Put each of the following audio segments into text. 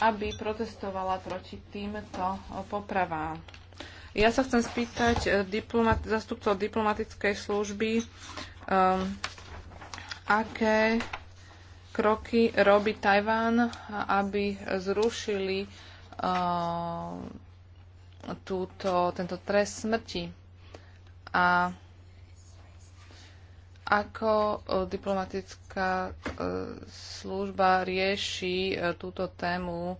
aby protestovala proti týmto popravám. Ja sa chcem spýtať eh, diplomat, zastupcov diplomatickej služby, um, aké kroky robí Tajván, aby zrušili um, túto, tento trest smrti. A ako e, diplomatická e, služba rieši e, túto tému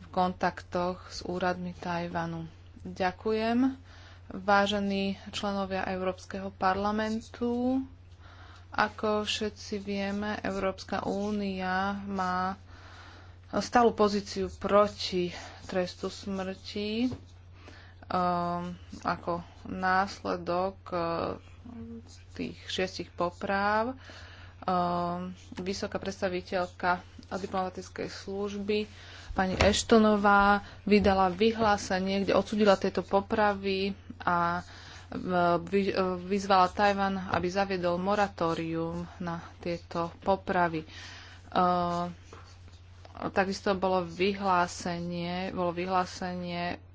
v kontaktoch s úradmi Tajvanu? Ďakujem. Vážení členovia Európskeho parlamentu, ako všetci vieme, Európska únia má stálu pozíciu proti trestu smrti ako následok tých šiestich popráv. Ehm, vysoká predstaviteľka diplomatickej služby pani Eštonová vydala vyhlásenie, kde odsudila tieto popravy a e, vyzvala Tajvan, aby zaviedol moratórium na tieto popravy. Ehm, takisto bolo vyhlásenie, bolo vyhlásenie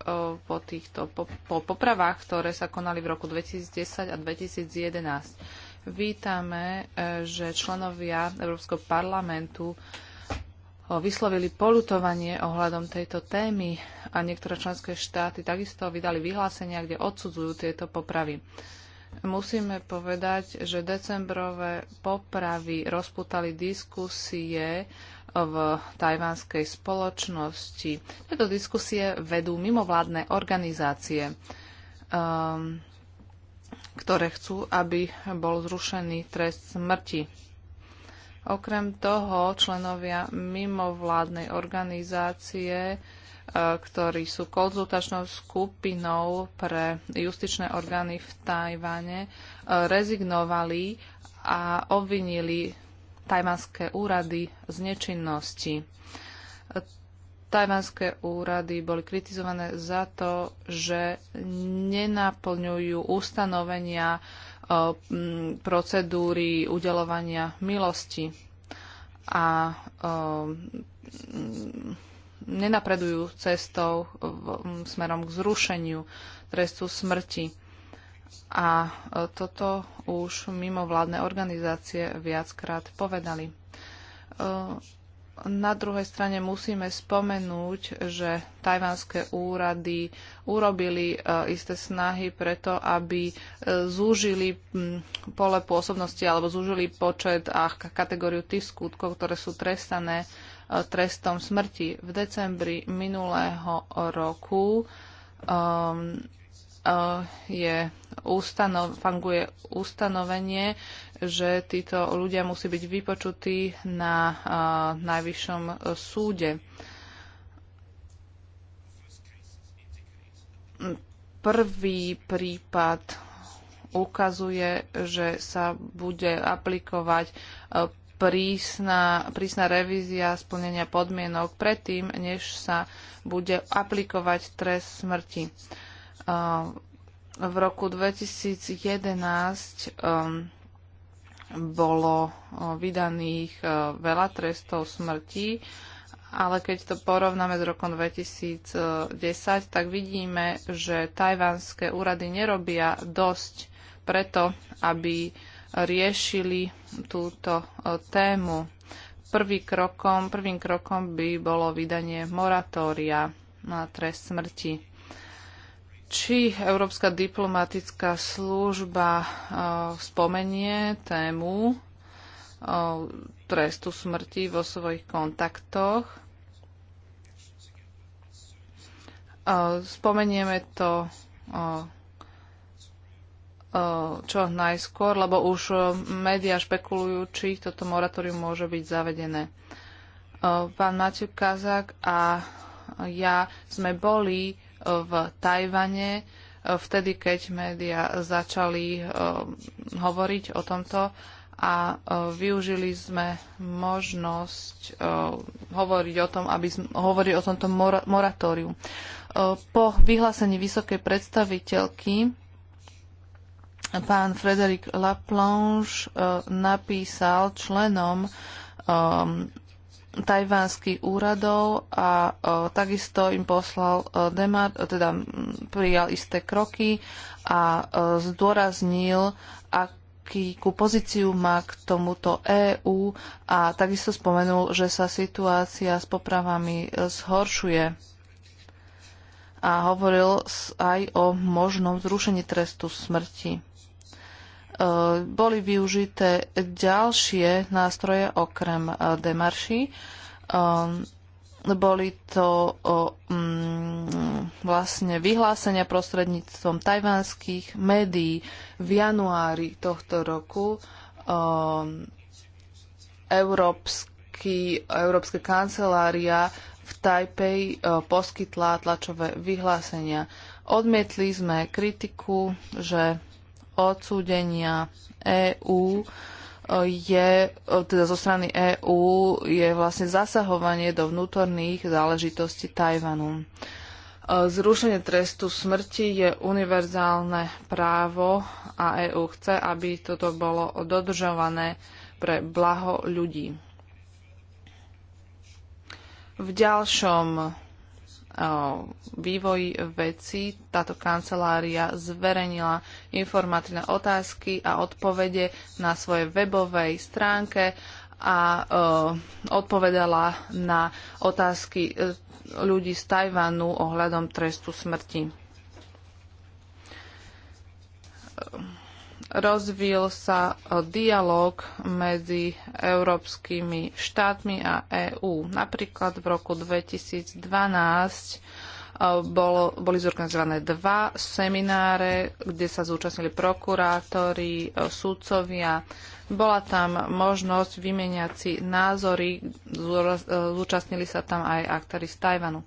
po týchto po, po popravách, ktoré sa konali v roku 2010 a 2011. Vítame, e, že členovia Európskeho parlamentu e, vyslovili polutovanie ohľadom tejto témy a niektoré členské štáty takisto vydali vyhlásenia, kde odsudzujú tieto popravy. Musíme povedať, že decembrové popravy rozputali diskusie v tajvanskej spoločnosti. Tieto diskusie vedú mimovládne organizácie, um, ktoré chcú, aby bol zrušený trest smrti. Okrem toho členovia mimovládnej organizácie e, ktorí sú konzultačnou skupinou pre justičné orgány v Tajvane, e, rezignovali a obvinili tajvanské úrady z nečinnosti. Tajvanské úrady boli kritizované za to, že nenaplňujú ustanovenia e, procedúry udelovania milosti a e, nenapredujú cestou smerom k zrušeniu trestu smrti. A e, toto už mimovládne organizácie viackrát povedali. E, na druhej strane musíme spomenúť, že tajvanské úrady urobili e, isté snahy preto, aby zúžili pole pôsobnosti alebo zúžili počet a kategóriu tých skutkov, ktoré sú trestané trestom smrti. V decembri minulého roku um, Eh, je funguje ustanovenie, že títo ľudia musí byť vypočutí na eh, najvyššom súde. Prvý prípad ukazuje, že sa bude aplikovať eh, prísna, prísna revízia splnenia podmienok predtým, než sa bude aplikovať trest smrti. Uh, v roku 2011 um, bolo vydaných veľa trestov smrti, ale keď to porovnáme s rokom 2010, tak vidíme, že tajvanské úrady nerobia dosť preto, aby riešili túto tému. Prvý krokom, prvým krokom by bolo vydanie moratória na trest smrti či Európska diplomatická služba spomenie tému trestu smrti vo svojich kontaktoch. Spomenieme to čo najskôr, lebo už médiá špekulujú, či toto moratórium môže byť zavedené. Pán Matej Kazak a ja sme boli v Tajvane, e, vtedy, keď médiá začali e, hovoriť o tomto a e, využili sme možnosť hovoriť o tom, aby sme hovorili o tomto moratóriu. Po vyhlásení vysokej predstaviteľky pán Frederic Laplanche napísal členom tajvanských úradov a o, e, takisto im poslal o, e, demar, o, teda prijal isté kroky a o, e, zdôraznil, akú pozíciu má k tomuto EÚ a takisto spomenul, že sa situácia s popravami zhoršuje a hovoril aj o možnom zrušení trestu smrti. E, boli využité ďalšie nástroje okrem e, demarší. E, boli to mm, vlastne vyhlásenia prostredníctvom tajvanských médií v januári tohto roku. Európsky, Európska kancelária v Tajpej poskytla tlačové vyhlásenia. Odmietli sme kritiku, že odsúdenia EÚ je, teda zo strany EÚ je vlastne zasahovanie do vnútorných záležitostí Tajvanu. Zrušenie trestu smrti je univerzálne právo a EÚ chce, aby toto bolo dodržované pre blaho ľudí. V ďalšom vývoji veci táto kancelária zverejnila informatívne otázky a odpovede na svojej webovej stránke a odpovedala na otázky e, ľudí z Tajvanu ohľadom trestu smrti rozvíjal sa e, dialog medzi európskymi štátmi a EÚ. Napríklad v roku 2012 e, bolo, boli zorganizované dva semináre, kde sa zúčastnili prokurátori, e, súdcovia. Bola tam možnosť vymeniať si názory, zúčastnili sa tam aj aktéry z Tajvanu.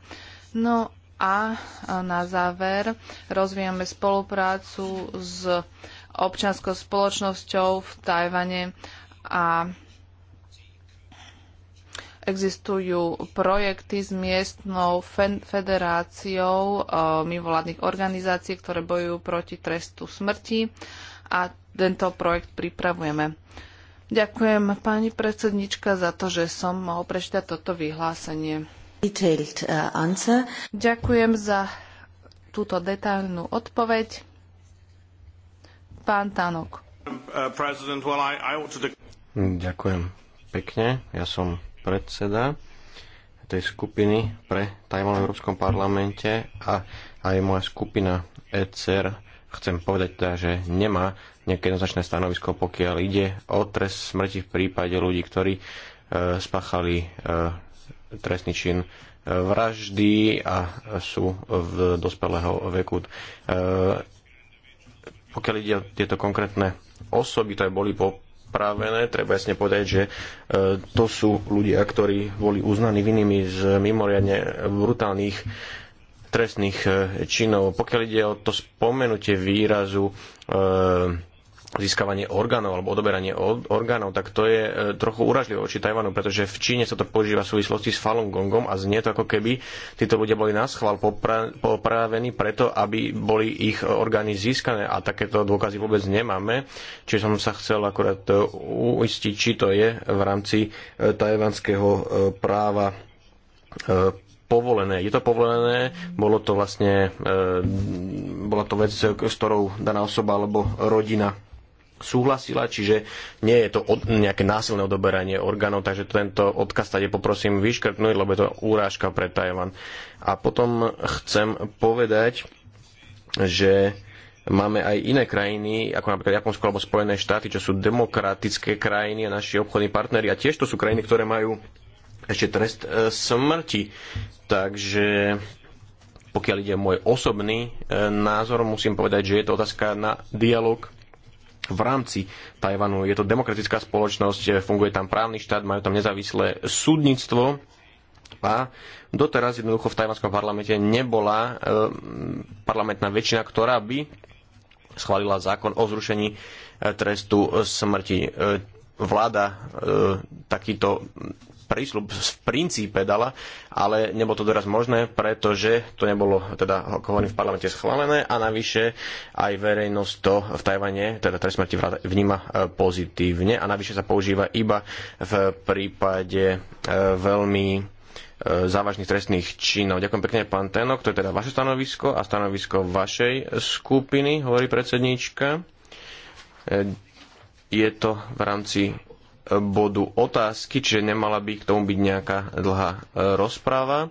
No a na záver rozvíjame spoluprácu s občanskou spoločnosťou v Tajvane a existujú projekty s miestnou federáciou e, mimovládnych organizácií, ktoré bojujú proti trestu smrti a tento projekt pripravujeme. Ďakujem pani predsednička za to, že som mohol prečítať toto vyhlásenie. E, Ďakujem za túto detailnú odpoveď. Pán Tanok. Ďakujem pekne. Ja som predseda tej skupiny pre Tajvan v Európskom parlamente a aj moja skupina ECR chcem povedať teda, že nemá nejaké jednoznačné stanovisko, pokiaľ ide o trest smrti v prípade ľudí, ktorí e, spáchali e, trestný čin e, vraždy a sú v dospelého veku. E, pokiaľ ide o tieto konkrétne osoby, ktoré boli popravené, treba jasne povedať, že e, to sú ľudia, ktorí boli uznaní vinnými z mimoriadne brutálnych trestných e, činov. Pokiaľ ide o to spomenutie výrazu e, získavanie orgánov alebo odoberanie orgánov, tak to je e, trochu uražlivé voči Tajvanu, pretože v Číne sa to používa v súvislosti s Falun Gongom a znie to ako keby títo ľudia boli na chval popravení preto, aby boli ich e, orgány získané a takéto dôkazy vôbec nemáme. Čiže som sa chcel akurát e, uistiť, či to je v rámci tajvanského práva povolené. Je to povolené, bolo to vlastne, e, bola to vec, s ktorou daná osoba alebo rodina súhlasila, čiže nie je to od, nejaké násilné odoberanie orgánov, takže tento odkaz tady poprosím vyškrtnúť, lebo je to úrážka pre Tajvan. A potom chcem povedať, že máme aj iné krajiny, ako napríklad Japonsko alebo Spojené štáty, čo sú demokratické krajiny a naši obchodní partneri. A tiež to sú krajiny, ktoré majú ešte trest e, smrti. Takže pokiaľ ide môj osobný e, názor, musím povedať, že je to otázka na dialog v rámci Tajvanu. Je to demokratická spoločnosť, eh, funguje tam právny štát, majú tam nezávislé súdnictvo a doteraz jednoducho v tajvanskom parlamente nebola eh, parlamentná väčšina, ktorá by schválila zákon o zrušení eh, trestu smrti. Vláda takýto prísľub v princípe dala, ale nebolo to doraz možné, pretože to nebolo, teda ako hovorím, v parlamente schválené a navyše aj verejnosť to v Tajvane, teda trest smrti vníma e, pozitívne a navyše sa používa iba v prípade e, veľmi e, závažných trestných činov. Ďakujem pekne, pán Tenok, to je teda vaše stanovisko a stanovisko vašej skupiny, hovorí predsedníčka. Je to v rámci bodu otázky, čiže nemala by k tomu byť nejaká dlhá e, rozpráva,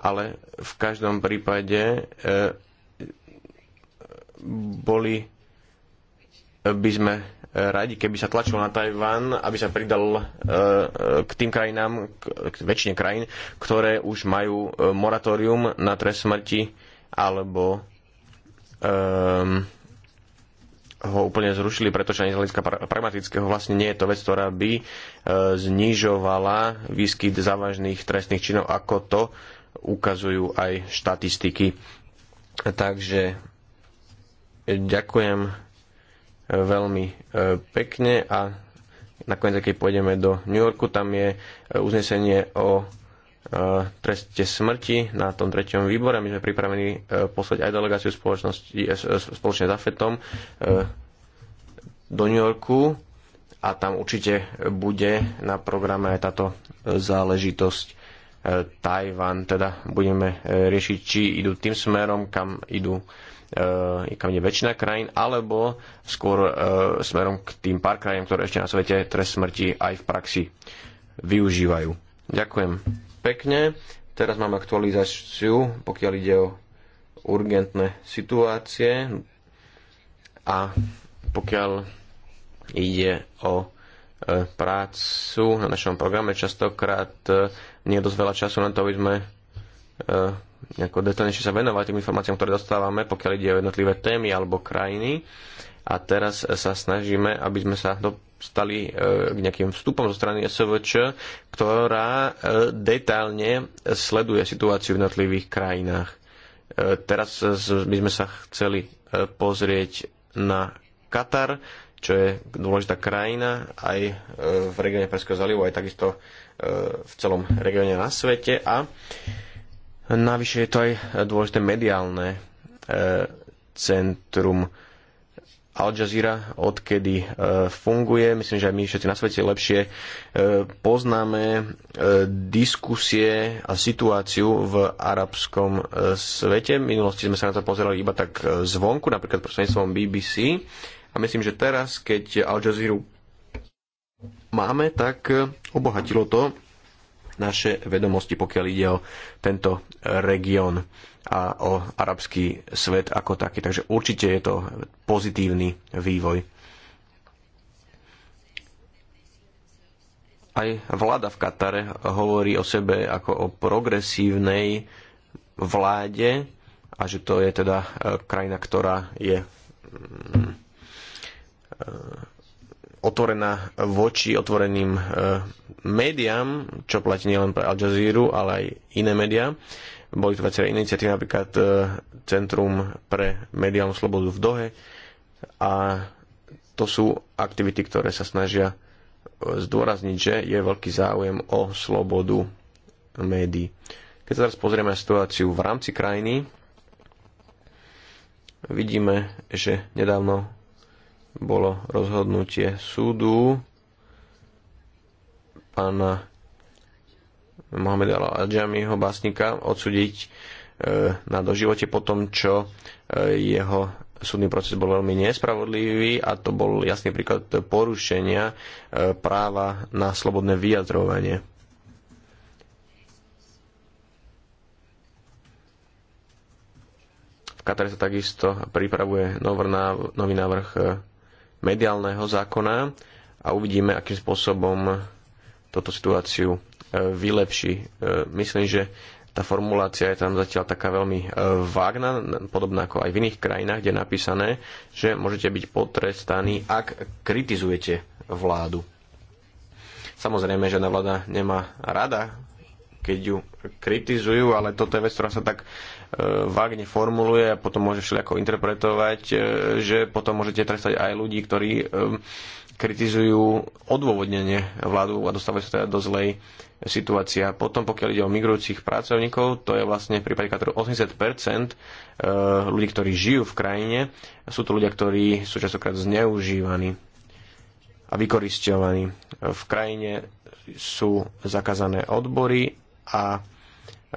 ale v každom prípade e, boli e, by sme radi, keby sa tlačilo na Tajván, aby sa pridal k tým krajinám, k väčšine krajín, ktoré už majú moratórium na trest smrti alebo um, ho úplne zrušili, pretože ani z hľadiska pragmatického vlastne nie je to vec, ktorá by e, znižovala výskyt závažných trestných činov, ako to ukazujú aj štatistiky. Takže e, ďakujem e, veľmi pekne a nakoniec, keď pôjdeme do New Yorku, tam je uznesenie o Eh, treste smrti na tom treťom výbore. My sme pripravení eh, poslať aj delegáciu spoločnosti, eh, spoločne s AFETom do New Yorku a tam určite bude na programe aj táto záležitosť Tajvan, teda budeme riešiť, či idú tým smerom, kam idú kam je väčšina krajín, alebo skôr smerom k tým pár krajín, ktoré ešte na svete trest smrti aj v praxi využívajú. Ďakujem pekne. Teraz mám aktualizáciu, pokiaľ ide o urgentné situácie a pokiaľ ide o e, prácu na našom programe. Častokrát e, nie je dosť veľa času na to, aby sme e, nejako detaľnejšie sa venovali tým informáciám, ktoré dostávame, pokiaľ ide o jednotlivé témy alebo krajiny. A teraz sa snažíme, aby sme sa do stali e, k nejakým vstupom zo strany SVČ, ktorá e, detailne sleduje situáciu v jednotlivých krajinách. E, teraz by sme sa chceli pozrieť na Katar, čo je dôležitá krajina aj v regióne Perského zálivu, aj takisto v celom regióne na svete a navyše je to aj dôležité mediálne centrum Al Jazeera, odkedy e, funguje. Myslím, že aj my všetci na svete lepšie e, poznáme e, diskusie a situáciu v arabskom svete. V minulosti sme sa na to pozerali iba tak zvonku, napríklad prostredníctvom BBC. A myslím, že teraz, keď Al Jazeera máme, tak obohatilo to naše vedomosti, pokiaľ ide o tento región a o arabský svet ako taký. Takže určite je to pozitívny vývoj. Aj vláda v Katare hovorí o sebe ako o progresívnej vláde a že to je teda e, krajina, ktorá je mm, e, otvorená voči otvoreným e, médiám, čo platí nielen pre Al Jazeera, ale aj iné médiá. Boli tu viaceré iniciatívy, napríklad e, Centrum pre mediálnu slobodu v Dohe a to sú aktivity, ktoré sa snažia e, zdôrazniť, že je veľký záujem o slobodu médií. Keď sa teraz pozrieme situáciu v rámci krajiny, vidíme, že nedávno bolo rozhodnutie súdu pána Mohameda Al-Adžamiho básnika odsúdiť e, na doživote po tom, čo e, jeho súdny proces bol veľmi nespravodlivý a to bol jasný príklad porušenia e, práva na slobodné vyjadrovanie. V Katare sa takisto pripravuje nový návrh mediálneho zákona a uvidíme, akým spôsobom toto situáciu vylepší. E, myslím, že tá formulácia je tam zatiaľ taká veľmi e, vágna, podobná ako aj v iných krajinách, kde je napísané, že môžete byť potrestaní, ak kritizujete vládu. Samozrejme, že na vláda nemá rada, keď ju kritizujú, ale toto je vec, ktorá sa tak e, vágne formuluje a potom môže všelijako interpretovať, že potom môžete trestať aj ľudí, ktorí kritizujú odôvodnenie vládu a dostávajú sa teda do zlej situácia. Potom, pokiaľ ide o migrujúcich pracovníkov, to je vlastne v prípade ktorú 80% eh, ľudí, ktorí žijú v krajine, sú to ľudia, ktorí sú častokrát zneužívaní a vykoristovaní. V krajine sú zakázané odbory a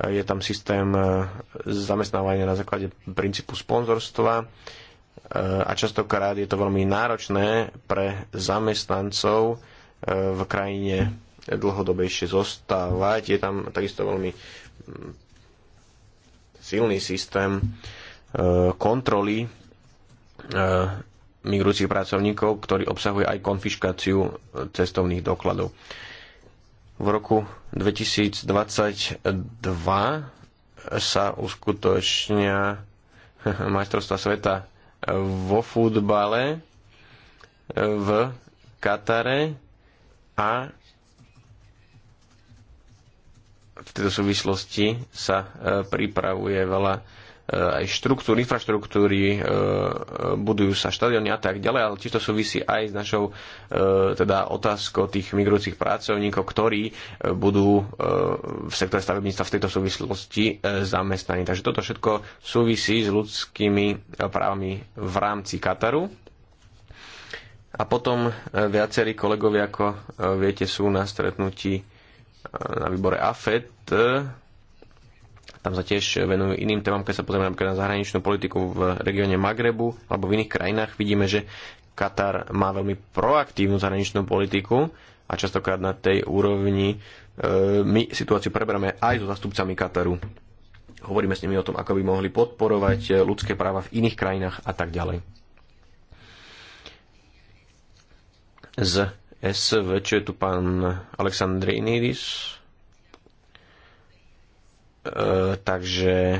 eh, je tam systém eh, zamestnávania na základe princípu sponzorstva a častokrát je to veľmi náročné pre zamestnancov e, v krajine dlhodobejšie zostávať. Je tam takisto veľmi mm, silný systém e, kontroly e, migrujúcich pracovníkov, ktorý obsahuje aj konfiškáciu cestovných dokladov. V roku 2022 sa uskutočnia majstrovstva sveta vo futbale e, v Katare a v tejto súvislosti sa e, pripravuje veľa Eh, aj štruktúry, infraštruktúry, eh, eh, budujú sa štadióny a tak ďalej, ale tiež to súvisí aj s našou teda otázkou tých migrujúcich pracovníkov, ktorí budú v sektore stavebníctva v tejto súvislosti zamestnaní. Takže toto všetko súvisí s ľudskými právami v rámci Kataru. A potom viacerí kolegovia, ako viete, sú na stretnutí na výbore AFET tam sa tiež venujú iným témam, keď sa pozrieme napríklad na zahraničnú politiku v regióne Magrebu alebo v iných krajinách, vidíme, že Katar má veľmi proaktívnu zahraničnú politiku a častokrát na tej úrovni e, my situáciu preberáme aj so zastupcami Kataru. Hovoríme s nimi o tom, ako by mohli podporovať ľudské práva v iných krajinách a tak ďalej. Z SV, čo je tu pán Inidis? E, takže e,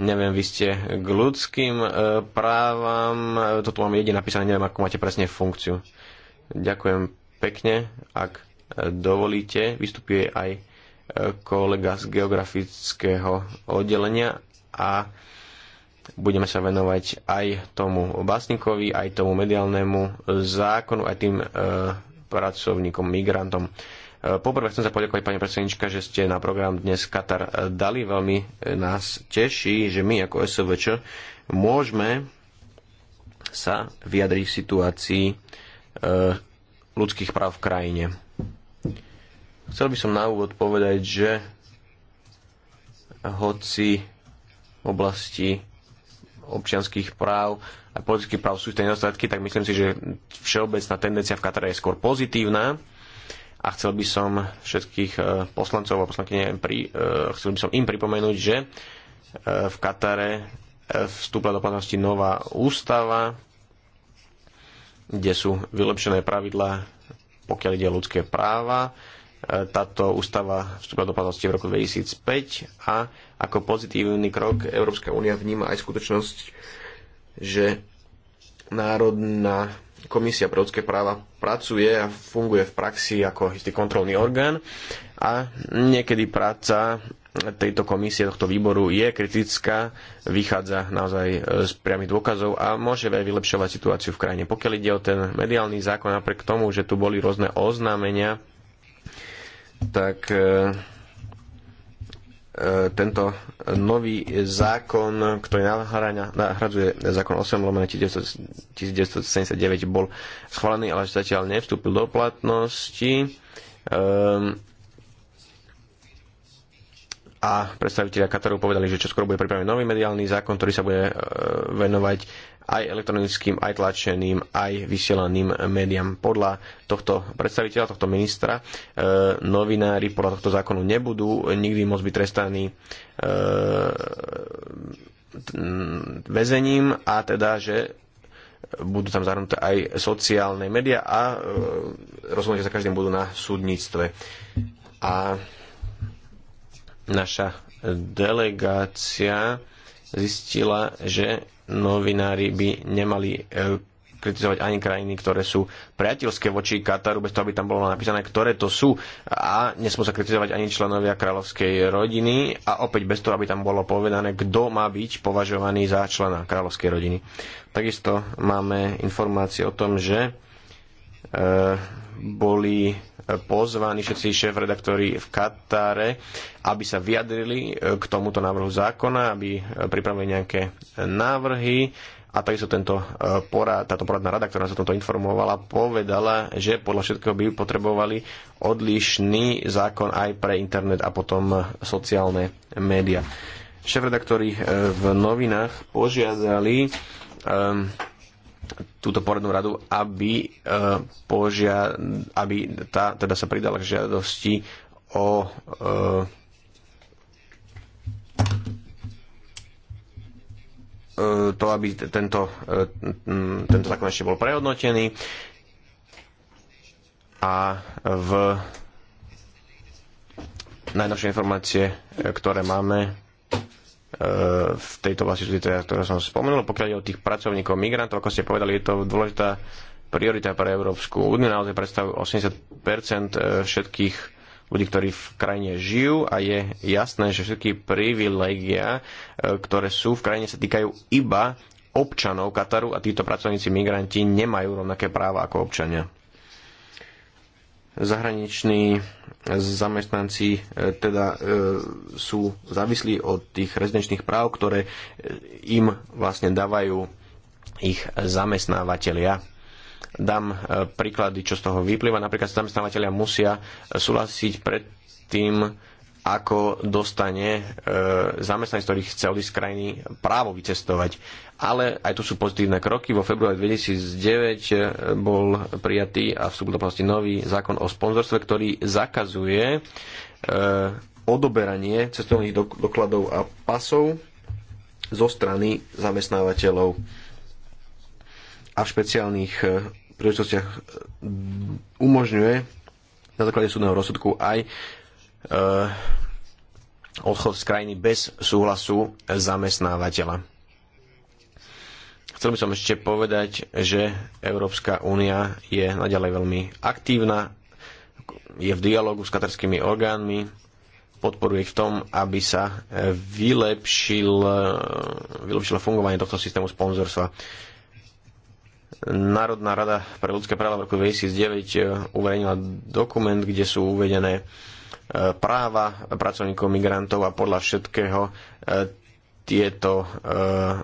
neviem, vy ste k ľudským e, právam, toto mám jedine napísané, neviem, ako máte presne funkciu. Ďakujem pekne, ak dovolíte, vystupuje aj kolega z geografického oddelenia a budeme sa venovať aj tomu básnikovi, aj tomu mediálnemu zákonu, aj tým pracovníkom, migrantom. E, poprvé chcem sa poďakovať pani predsednička, že ste na program dnes Katar dali. Veľmi e, nás teší, že my ako SOVČ môžeme sa vyjadriť v situácii e, ľudských práv v krajine. Chcel by som na úvod povedať, že hoci v oblasti občianských práv a politických práv sú tie nedostatky, tak myslím si, že všeobecná tendencia v Katare je skôr pozitívna a chcel by som všetkých e, poslancov a poslankyne pri, e, chcel by som im pripomenúť, že e, v Katare vstúpla do platnosti nová ústava, kde sú vylepšené pravidlá, pokiaľ ide o ľudské práva. Táto ústava vstúpla do platnosti v roku 2005 a ako pozitívny krok Európska únia vníma aj skutočnosť, že národná Komisia pre ľudské práva pracuje a funguje v praxi ako istý kontrolný orgán a niekedy práca tejto komisie, tohto výboru je kritická, vychádza naozaj e, z priamých dôkazov a môže aj vylepšovať situáciu v krajine. Pokiaľ ide o ten mediálny zákon, napriek tomu, že tu boli rôzne oznámenia, tak e, E, tento nový zákon, ktorý nahradzuje zákon 8 lomene 1979 bol schválený, ale zatiaľ nevstúpil do platnosti. Ehm, a predstaviteľia Kataru povedali, že čoskoro bude pripravený nový mediálny zákon, ktorý sa bude e, venovať aj elektronickým, aj tlačeným, aj vysielaným médiám. Podľa tohto predstaviteľa, tohto ministra, e, novinári podľa tohto zákonu nebudú nikdy môcť byť trestaní e, väzením a teda, že budú tam zahrnuté aj sociálne médiá a rozhodnutia sa každým budú na súdnictve. A Naša delegácia zistila, že novinári by nemali e, kritizovať ani krajiny, ktoré sú priateľské voči Kataru, bez toho, aby tam bolo napísané, ktoré to sú. A nesmú sa kritizovať ani členovia kráľovskej rodiny a opäť bez toho, aby tam bolo povedané, kto má byť považovaný za člena kráľovskej rodiny. Takisto máme informácie o tom, že e, boli pozvaní všetci šéf-redaktori v Katare, aby sa vyjadrili e, k tomuto návrhu zákona, aby e, pripravili nejaké návrhy a takisto tento e, porad, táto poradná rada, ktorá sa o tomto informovala, povedala, že podľa všetkého by potrebovali odlišný zákon aj pre internet a potom sociálne médiá. Šéf-redaktori v novinách požiadali um, túto poradnú radu, aby, e, požia, aby tá teda sa pridala k žiadosti o e, e, to, aby tento, tento zákon ešte bol prehodnotený a v najnovšie informácie, ktoré máme, E, v tejto oblasti, ktorú som spomenul. Pokiaľ je o tých pracovníkov, migrantov, ako ste povedali, je to dôležitá priorita pre Európsku úniu. Naozaj predstavujú 80 e, všetkých ľudí, ktorí v krajine žijú a je jasné, že všetky privilégia, e, ktoré sú v krajine, sa týkajú iba občanov Kataru a títo pracovníci migranti nemajú rovnaké práva ako občania zahraniční zamestnanci e, teda e, sú závislí od tých rezidenčných práv, ktoré e, im vlastne dávajú ich zamestnávateľia. Dám príklady, čo z toho vyplýva. Napríklad zamestnávateľia musia súhlasiť pred tým, ako dostane zamestnanec, ktorý chce odísť z krajiny, právo vycestovať ale aj tu sú pozitívne kroky. Vo februári 2009 eh, bol prijatý a vstúpil do nový zákon o sponzorstve, ktorý zakazuje e, odoberanie cestovných dokladov a pasov zo strany zamestnávateľov a v špeciálnych eh, príležitostiach umožňuje na základe súdneho rozsudku aj e, odchod z krajiny bez súhlasu zamestnávateľa. Chcel by som ešte povedať, že Európska únia je naďalej veľmi aktívna, je v dialogu s katarskými orgánmi, podporuje ich v tom, aby sa vylepšil, vylepšilo fungovanie tohto systému sponzorstva. Národná rada pre ľudské práva v roku 2009 eh, uverejnila dokument, kde sú uvedené eh, práva pracovníkov migrantov a podľa všetkého eh, tieto e,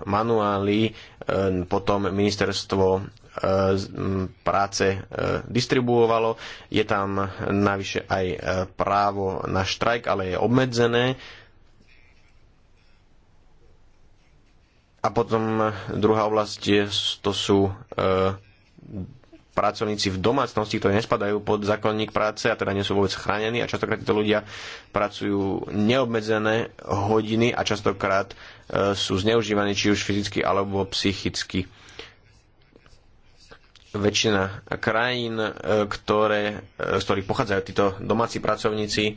manuály e, potom ministerstvo e, práce distribuovalo. Je tam navyše aj právo na štrajk, ale je obmedzené. A potom druhá oblasť to sú pracovníci v domácnosti, ktorí nespadajú pod zákonník práce a teda nie sú vôbec chránení a častokrát títo ľudia pracujú neobmedzené hodiny a častokrát e, sú zneužívaní či už fyzicky alebo psychicky. Väčšina krajín, e, ktoré, e, z ktorých pochádzajú títo domáci pracovníci,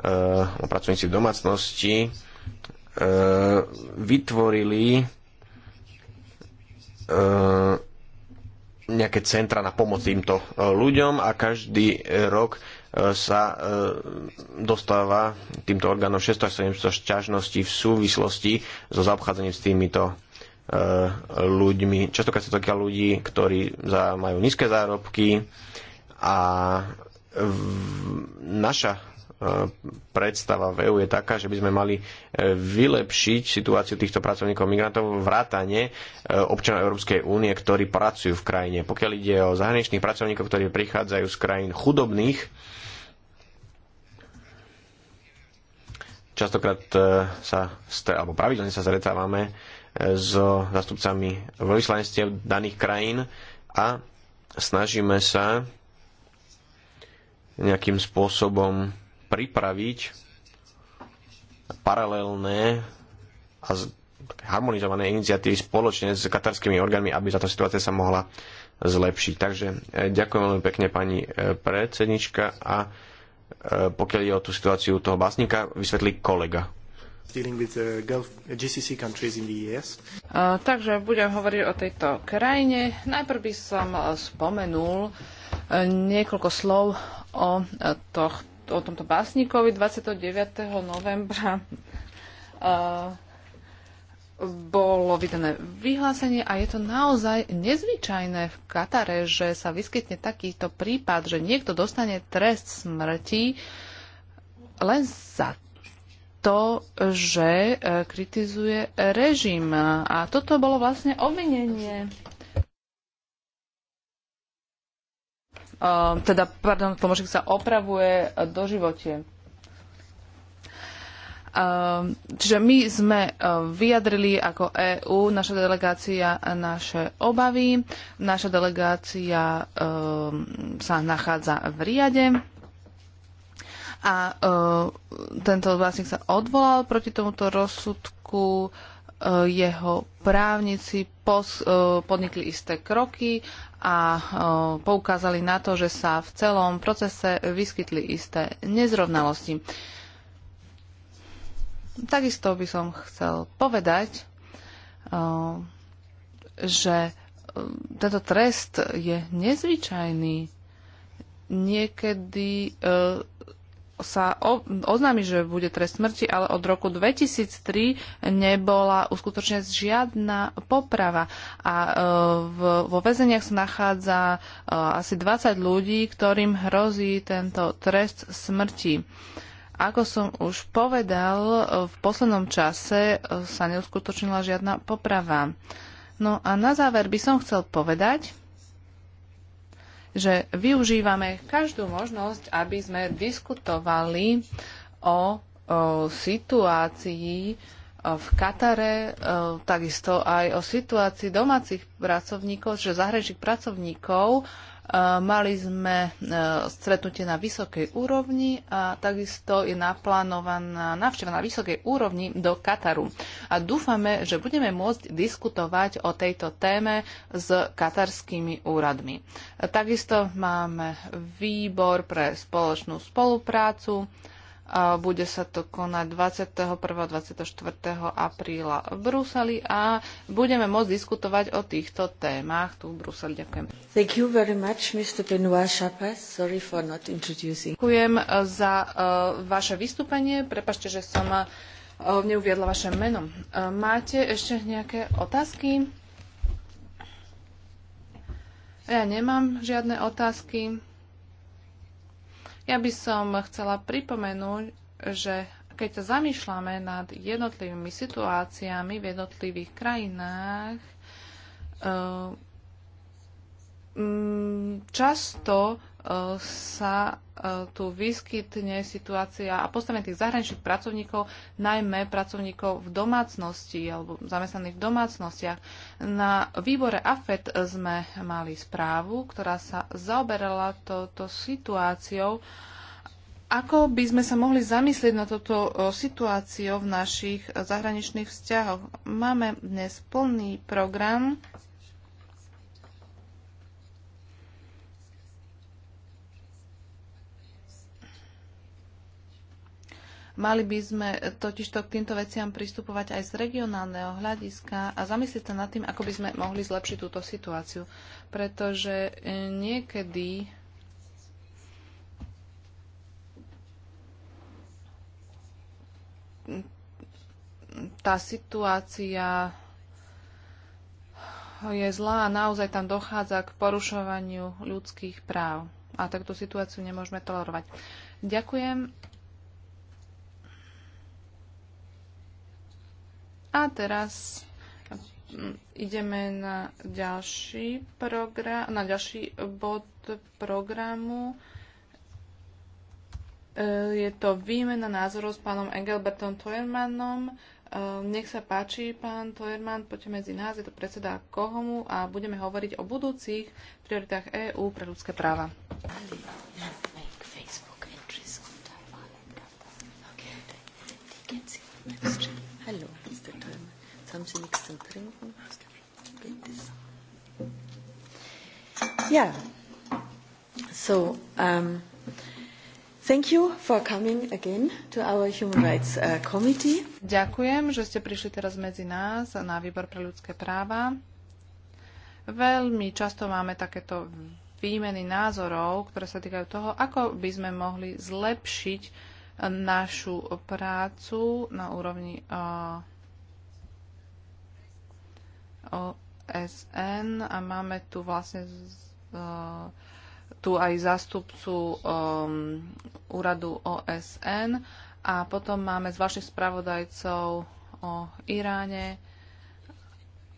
e, pracovníci v domácnosti, e, vytvorili e, nejaké centra na pomoc týmto e, ľuďom a každý e, rok e, sa dostáva týmto orgánom 600 až 700 šťažností v súvislosti so zaobchádzaním s týmito ľuďmi. Častokrát sú to týka ľudí, ktorí majú nízke zárobky a naša predstava v EU je taká, že by sme mali e, vylepšiť situáciu týchto pracovníkov migrantov vrátane e, občanov Európskej únie, ktorí pracujú v krajine. Pokiaľ ide o zahraničných pracovníkov, ktorí prichádzajú z krajín chudobných, častokrát e, sa, alebo pravidelne sa stretávame so zastupcami veľvyslanectiev daných krajín a snažíme sa nejakým spôsobom pripraviť paralelné a harmonizované iniciatívy spoločne s katarskými orgánmi, aby sa tá situácia sa mohla zlepšiť. Takže e, ďakujem veľmi pekne pani e, predsednička a e, pokiaľ je o tú situáciu toho básnika, vysvetlí kolega. Uh, Gulf, uh, takže budem hovoriť o tejto krajine. Najprv by som spomenul niekoľko slov o, tohto o tomto básnikovi 29. novembra uh, bolo vydané vyhlásenie a je to naozaj nezvyčajné v Katare, že sa vyskytne takýto prípad, že niekto dostane trest smrti len za to, že e, kritizuje režim. A toto bolo vlastne obvinenie. Ehm, teda, pardon, tlmočník sa opravuje eh, do živote. Ehm, čiže my sme eh, vyjadrili ako EÚ, naša delegácia, naše obavy. Naša delegácia ehm, sa nachádza v riade a eh, tento vlastník sa odvolal proti tomuto rozsudku. Eh, jeho právnici pos, eh, podnikli isté kroky a eh, poukázali na to, že sa v celom procese vyskytli isté nezrovnalosti. Takisto by som chcel povedať, že tento trest je nezvyčajný. Niekedy sa o, oznámi, že bude trest smrti, ale od roku 2003 nebola uskutočne žiadna poprava. A e, v, vo väzeniach sa nachádza e, asi 20 ľudí, ktorým hrozí tento trest smrti. Ako som už povedal, v poslednom čase e, sa neuskutočnila žiadna poprava. No a na záver by som chcel povedať, že využívame každú možnosť, aby sme diskutovali o, o situácii e, v Katare, e, takisto aj o situácii domácich pracovníkov, že zahraničných pracovníkov Mali sme e, stretnutie na vysokej úrovni a takisto je naplánovaná návšteva na vysokej úrovni do Kataru. A dúfame, že budeme môcť diskutovať o tejto téme s katarskými úradmi. E, takisto máme výbor pre spoločnú spoluprácu bude sa to konať 21. a 24. apríla v Bruseli a budeme môcť diskutovať o týchto témach tu v Bruseli. Ďakujem. Thank you very much, Mr. Benoit Sorry for not introducing. Ďakujem eh, za uh, vaše vystúpenie. Prepašte, že som uh, neuviedla vaše meno. Uh, máte ešte nejaké otázky? Ja nemám žiadne otázky. Ja by som chcela pripomenúť, že keď sa zamýšľame nad jednotlivými situáciami v jednotlivých krajinách, eh, často sa e, tu vyskytne situácia a postavenie tých zahraničných pracovníkov, najmä pracovníkov v domácnosti alebo zamestnaných v domácnostiach. Na výbore AFET sme mali správu, ktorá sa zaoberala touto situáciou. Ako by sme sa mohli zamyslieť na toto e, situáciou v našich zahraničných vzťahoch? Máme dnes plný program Mali by sme totižto k týmto veciam pristupovať aj z regionálneho hľadiska a zamyslieť sa nad tým, ako by sme mohli zlepšiť túto situáciu. Pretože e, niekedy tá situácia je zlá a naozaj tam dochádza k porušovaniu ľudských práv. A takto situáciu nemôžeme tolerovať. Ďakujem. A teraz mm, ideme na ďalší, program, na ďalší bod programu. E, je to výmena názorov s pánom Engelbertom Toermanom. E, nech sa páči, pán Toerman, poďte medzi nás, je to predseda Kohomu a budeme hovoriť o budúcich prioritách EÚ pre ľudské práva. Hello haben Sie nichts zum Trinken? Yeah. So, um, thank you for coming again to our Human Rights uh, Committee. Ďakujem, že ste prišli teraz medzi nás na výbor pre ľudské práva. Veľmi často máme takéto výmeny názorov, ktoré sa týkajú toho, ako by sme mohli zlepšiť našu prácu na úrovni uh, OSN a máme tu vlastne tu aj zástupcu um, úradu OSN a potom máme zvláštnych spravodajcov o Iráne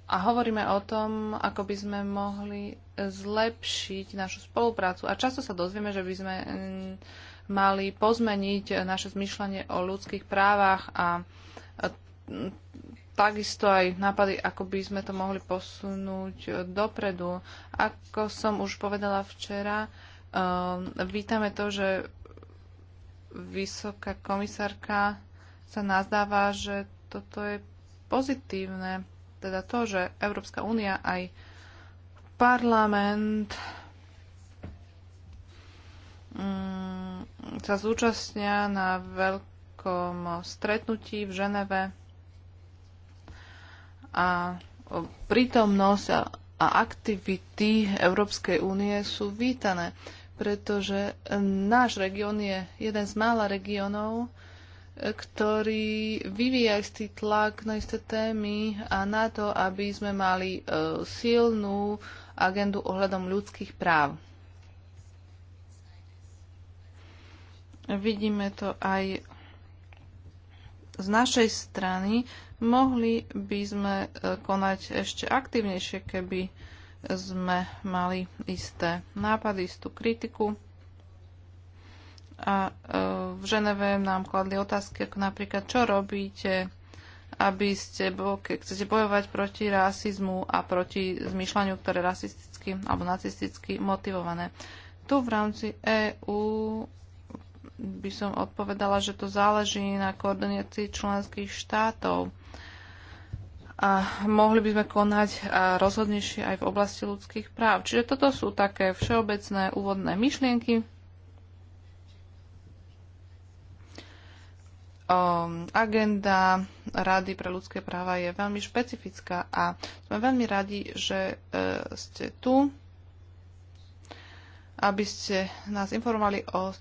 a hovoríme o tom, ako by sme mohli zlepšiť našu spoluprácu. A často sa dozvieme, že by sme mm, mali pozmeniť naše zmyšľanie o ľudských právach a mm, takisto aj nápady, ako by sme to mohli posunúť e, dopredu. Ako som už povedala včera, e, vítame to, že vysoká komisárka sa nazdáva, že toto je pozitívne. Teda to, že Európska únia aj parlament mm, sa zúčastnia na veľkom stretnutí v Ženeve a prítomnosť a, a aktivity Európskej únie sú vítané, pretože náš región je jeden z mála regiónov, ktorý vyvíja istý tlak na isté témy a na to, aby sme mali e, silnú agendu ohľadom ľudských práv. Vidíme to aj z našej strany, Mohli by sme e, konať ešte aktívnejšie, keby sme mali isté nápady, istú kritiku. A e, v Ženeve nám kladli otázky, ako napríklad, čo robíte, aby ste, keď chcete bojovať proti rasizmu a proti zmýšľaniu, ktoré rasisticky alebo nacisticky motivované. Tu v rámci EÚ by som odpovedala, že to záleží na koordinácii členských štátov a mohli by sme konať rozhodnejšie aj v oblasti ľudských práv. Čiže toto sú také všeobecné úvodné myšlienky. Ehm, agenda Rady pre ľudské práva je veľmi špecifická a sme veľmi radi, že e, ste tu, aby ste nás informovali o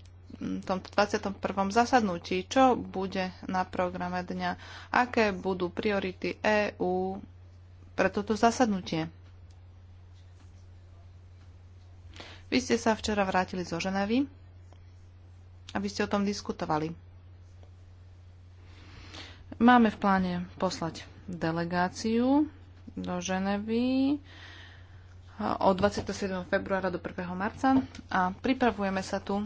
tom 21. zasadnutí, čo bude na programe dňa, aké budú priority EÚ pre toto zasadnutie. Vy ste sa včera vrátili zo Ženevy, aby ste o tom diskutovali. Máme v pláne poslať delegáciu do Ženevy od 27. februára do 1. marca a pripravujeme sa tu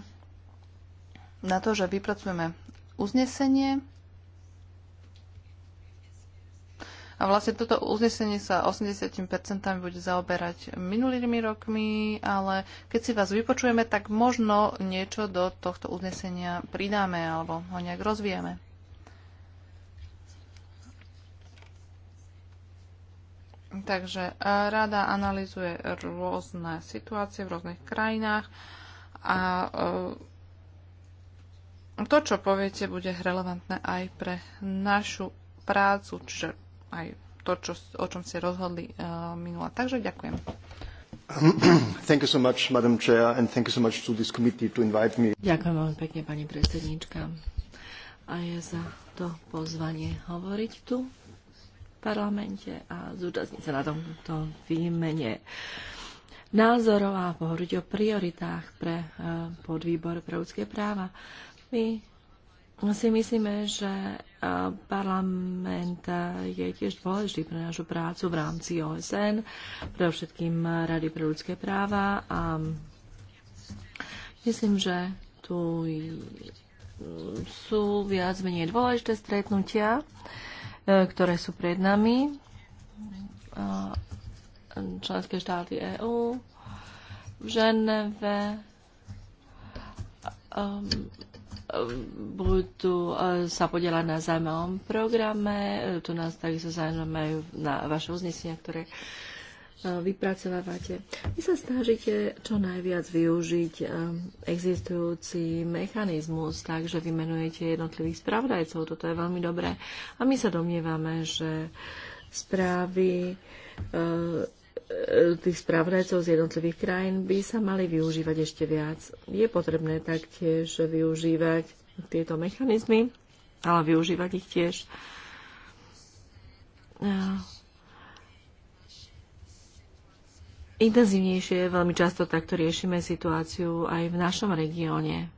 na to, že vypracujeme uznesenie. A vlastne toto uznesenie sa 80% bude zaoberať minulými rokmi, ale keď si vás vypočujeme, tak možno niečo do tohto uznesenia pridáme alebo ho nejak rozvíjame. Takže rada analizuje rôzne situácie v rôznych krajinách a e, to, čo poviete, bude relevantné aj pre našu prácu, čiže aj to, čo, o čom ste rozhodli uh, minula. Takže ďakujem. thank you so much, Madam Chair, and thank you so much to this committee to invite me. Ďakujem veľmi pekne, pani A aj za to pozvanie hovoriť tu v parlamente a zúčastniť sa na tomto výmene názorov a pohoriť o prioritách pre eh, podvýbor pre ľudské práva. My si myslíme, že parlament je tiež dôležitý pre našu prácu v rámci OSN, pre všetkým Rady pre ľudské práva a myslím, že tu sú viac menej dôležité stretnutia, e, ktoré sú pred nami. Členské štáty EÚ v Ženeve budú e, sa podielať na zaujímavom programe. E, tu nás takisto zaujímajú na vaše uznesenia, ktoré e, vypracovávate. Vy sa snažíte čo najviac využiť existujúci mechanizmus, takže vymenujete jednotlivých spravodajcov. Toto je veľmi dobré. A my sa domnievame, že správy tých správnecov z jednotlivých krajín by sa mali využívať ešte viac. Je potrebné taktiež využívať tieto mechanizmy, ale využívať ich tiež eh, intenzívnejšie. Veľmi často takto riešime situáciu aj v našom regióne.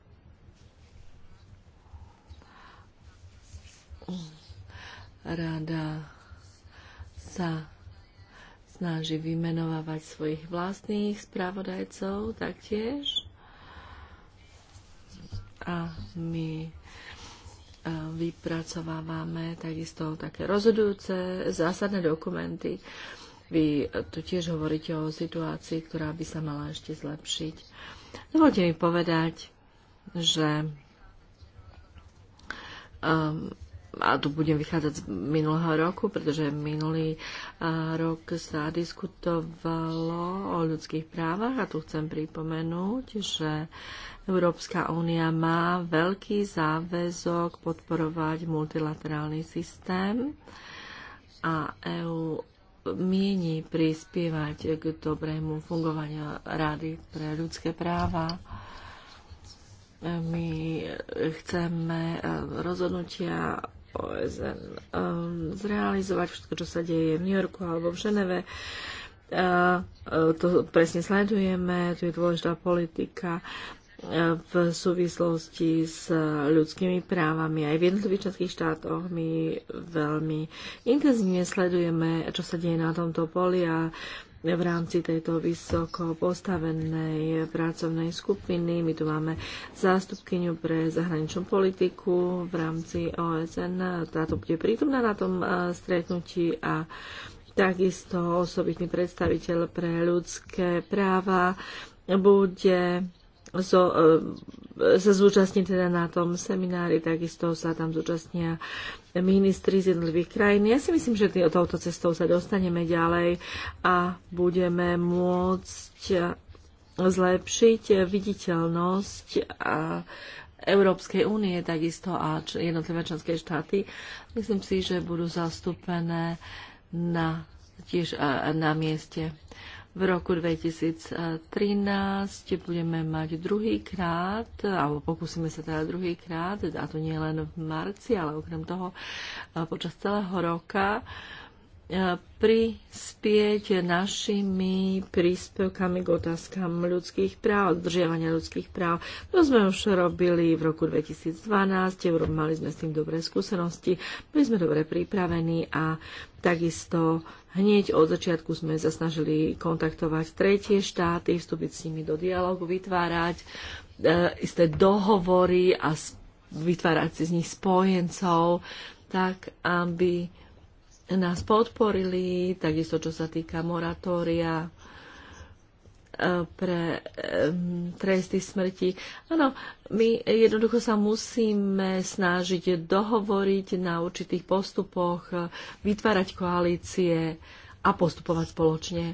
Rada sa snaží vymenovávať svojich vlastných spravodajcov taktiež. A my e, vypracovávame takisto také rozhodujúce zásadné dokumenty. Vy tu tiež hovoríte o situácii, ktorá by sa mala ešte zlepšiť. Dovolte mi povedať, že um, a tu budem vychádzať z minulého roku, pretože minulý rok sa diskutovalo o ľudských právach a tu chcem pripomenúť, že Európska únia má veľký záväzok podporovať multilaterálny systém a EÚ mieni prispievať k dobrému fungovaniu Rady pre ľudské práva my chceme e, rozhodnutia OSN um, zrealizovať všetko, čo sa deje v New Yorku alebo v Ženeve. Uh, to presne sledujeme, tu je dôležitá politika e, v súvislosti s ľudskými právami aj v jednotlivých členských štátoch. My veľmi intenzívne sledujeme, čo sa deje na tomto poli a v rámci tejto vysoko postavenej pracovnej skupiny. My tu máme zástupkyňu pre zahraničnú politiku v rámci OSN. Táto bude prítomná na tom stretnutí a takisto osobitný predstaviteľ pre ľudské práva bude so, e, sa zúčastní teda na tom seminári, takisto sa tam zúčastnia ministri z jednotlivých krajín. Ja si myslím, že touto cestou sa dostaneme ďalej a budeme môcť zlepšiť viditeľnosť a Európskej únie takisto a jednotlivé členské štáty. Myslím si, že budú zastúpené na, tiež na mieste v roku 2013 budeme mať druhýkrát, alebo pokúsime sa teda druhýkrát, a to nie len v marci, ale okrem toho e, počas celého roka, e, prispieť našimi príspevkami k otázkam ľudských práv, dodržiavania ľudských práv. To sme už robili v roku 2012, mali sme s tým dobré skúsenosti, boli sme dobre pripravení a Takisto hneď od začiatku sme sa snažili kontaktovať tretie štáty, vstúpiť s nimi do dialogu, vytvárať e, isté dohovory a vytvárať si z nich spojencov, tak aby nás podporili, takisto čo sa týka moratória pre tresty smrti. Áno, my jednoducho sa musíme snažiť dohovoriť na určitých postupoch, vytvárať koalície a postupovať spoločne.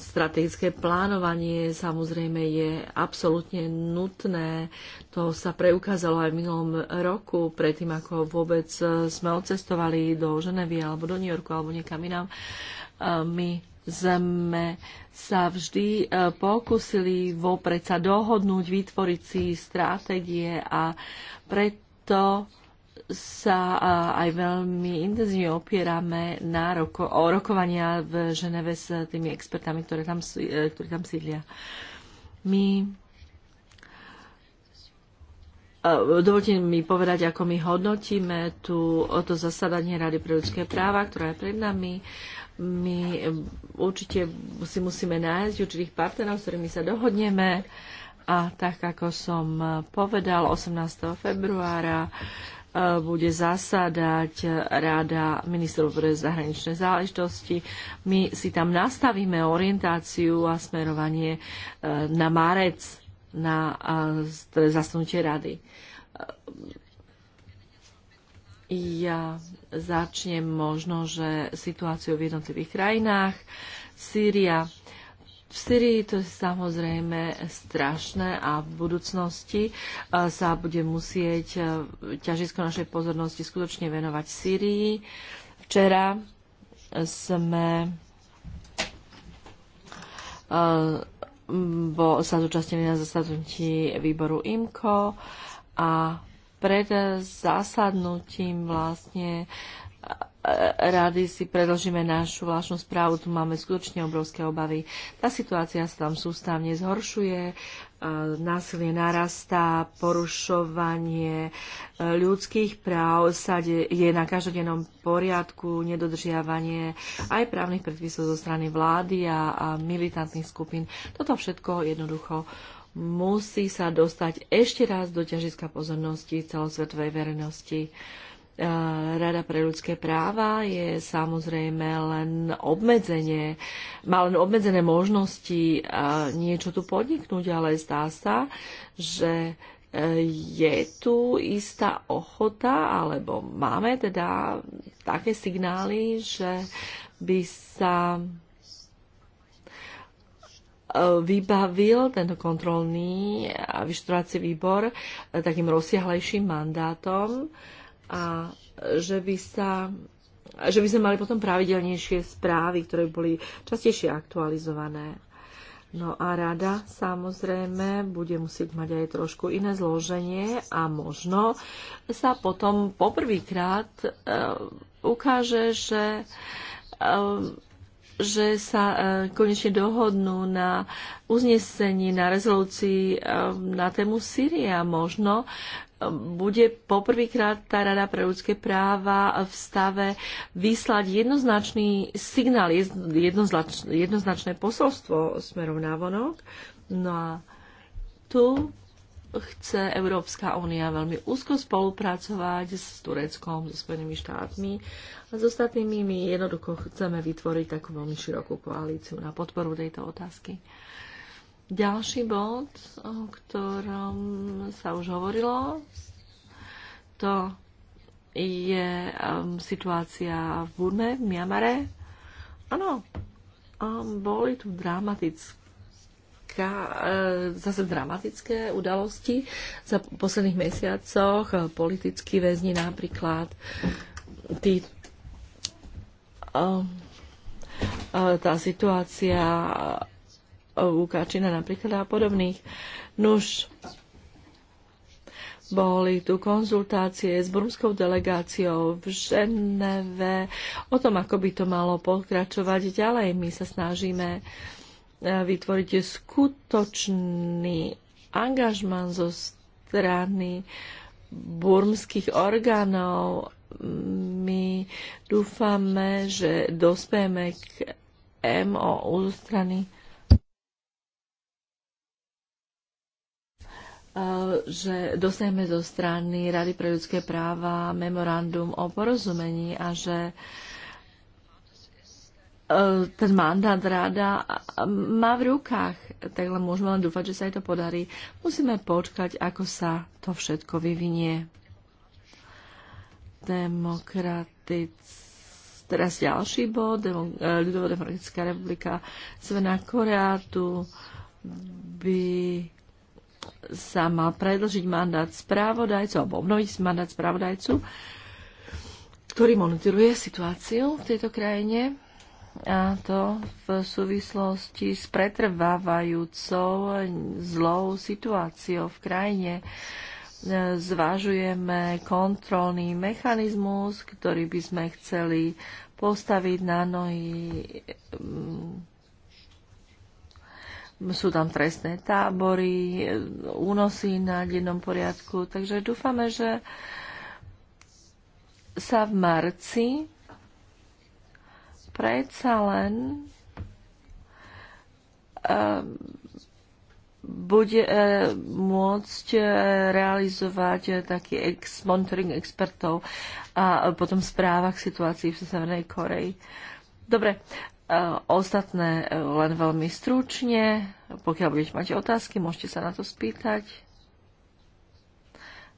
Strategické plánovanie samozrejme je absolútne nutné. To sa preukázalo aj v minulom roku, predtým ako vôbec sme odcestovali do Ženevy alebo do New Yorku alebo niekam inám. My sme sa vždy e, pokúsili vopred sa dohodnúť, vytvoriť si stratégie a preto sa e, aj veľmi intenzívne opierame na roko, o rokovania v Ženeve s tými expertami, ktoré tam, e, ktorí tam sídlia. My Dovolte mi povedať, ako my hodnotíme tú, to zasadanie Rady pre ľudské práva, ktorá je pred nami my určite si musíme nájsť určitých partnerov, s ktorými sa dohodneme. A tak, ako som povedal, 18. februára e, bude zasadať Rada ministrov pre zahraničné záležitosti. My si tam nastavíme orientáciu a smerovanie e, na marec na e, zasnutie rady. Ja Začnem možno, že situáciu v jednotlivých krajinách. Sýria. V Syrii to je samozrejme strašné a v budúcnosti e, sa bude musieť e, ťažisko našej pozornosti skutočne venovať Syrii. Včera e, sme bo sa zúčastnili na zasadnutí výboru IMCO a pred zasadnutím vlastne e, e, rady si predložíme našu vlastnú správu. Tu máme skutočne obrovské obavy. Tá situácia sa tam sústavne zhoršuje, e, násilie narastá, porušovanie ľudských práv sa de- je na každodennom poriadku, nedodržiavanie aj právnych predpisov zo strany vlády a, a militantných skupín. Toto všetko jednoducho musí sa dostať ešte raz do ťažiska pozornosti celosvetovej verejnosti. E, Rada pre ľudské práva je samozrejme len obmedzenie, má len obmedzené možnosti e, niečo tu podniknúť, ale zdá sa, že e, je tu istá ochota, alebo máme teda také signály, že by sa vybavil tento kontrolný a vyšetrovací výbor e, takým rozsiahlejším mandátom a že by sa že by sme mali potom pravidelnejšie správy, ktoré boli častejšie aktualizované. No a rada samozrejme bude musieť mať aj trošku iné zloženie a možno sa potom poprvýkrát e, ukáže, že e, že sa e, konečne dohodnú na uznesení, na rezolúcii e, na tému Syria. Možno e, bude poprvýkrát tá Rada pre ľudské práva v stave vyslať jednoznačný signál, jednoznačné posolstvo smerom na vonok. No a tu chce Európska únia veľmi úzko spolupracovať s Tureckom, so Spojenými štátmi a s ostatnými. My jednoducho chceme vytvoriť takú veľmi širokú koalíciu na podporu tejto otázky. Ďalší bod, o ktorom sa už hovorilo, to je um, situácia v Burme, v Miamare. Áno, um, boli tu dramatické týka e, zase dramatické udalosti za posledných mesiacoch. E, politickí väzni napríklad, tí, e, tá situácia Lukáčina napríklad a podobných. Nuž, boli tu konzultácie s brúskou delegáciou v Ženeve o tom, ako by to malo pokračovať ďalej. My sa snažíme vytvoríte skutočný angažman zo strany burmských orgánov. My dúfame, že dospieme k MOU zo strany eh, že dostaneme zo strany Rady pre ľudské práva memorandum o porozumení a že uh, Eh, ten mandát rada má v rukách. Tak len môžeme len dúfať, že sa jej to podarí. Musíme počkať, ako sa to všetko vyvinie. Demokratic. Teraz ďalší bod. Demo... Eh, Ľudová demokratická republika Svená Korea. Tu by sa mal predlžiť mandát správodajcu alebo obnoviť mandát správodajcu, ktorý monitoruje situáciu v tejto krajine a to v súvislosti s pretrvávajúcou zlou situáciou v krajine. E, Zvážujeme kontrolný mechanizmus, ktorý by sme chceli postaviť na nohy. Mm, sú tam trestné tábory, únosy na dennom poriadku, takže dúfame, že sa v marci predsa len ehm, bude e, môcť e, realizovať e, taký ex, monitoring expertov a potom v k situácií v Severnej Koreji. Dobre, ostatné len veľmi stručne. Pokiaľ budete mať otázky, môžete sa na to spýtať.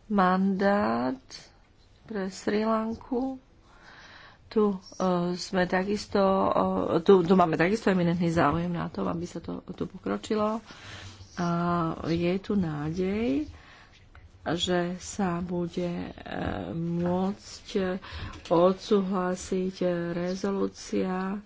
Mandát pre Sri Lanku. Tu uh, sme takisto, uh, tu, tu máme takisto eminentný záujem na to, aby sa to tu pokročilo. A je tu nádej, že sa bude e, môcť odsúhlasiť rezolúcia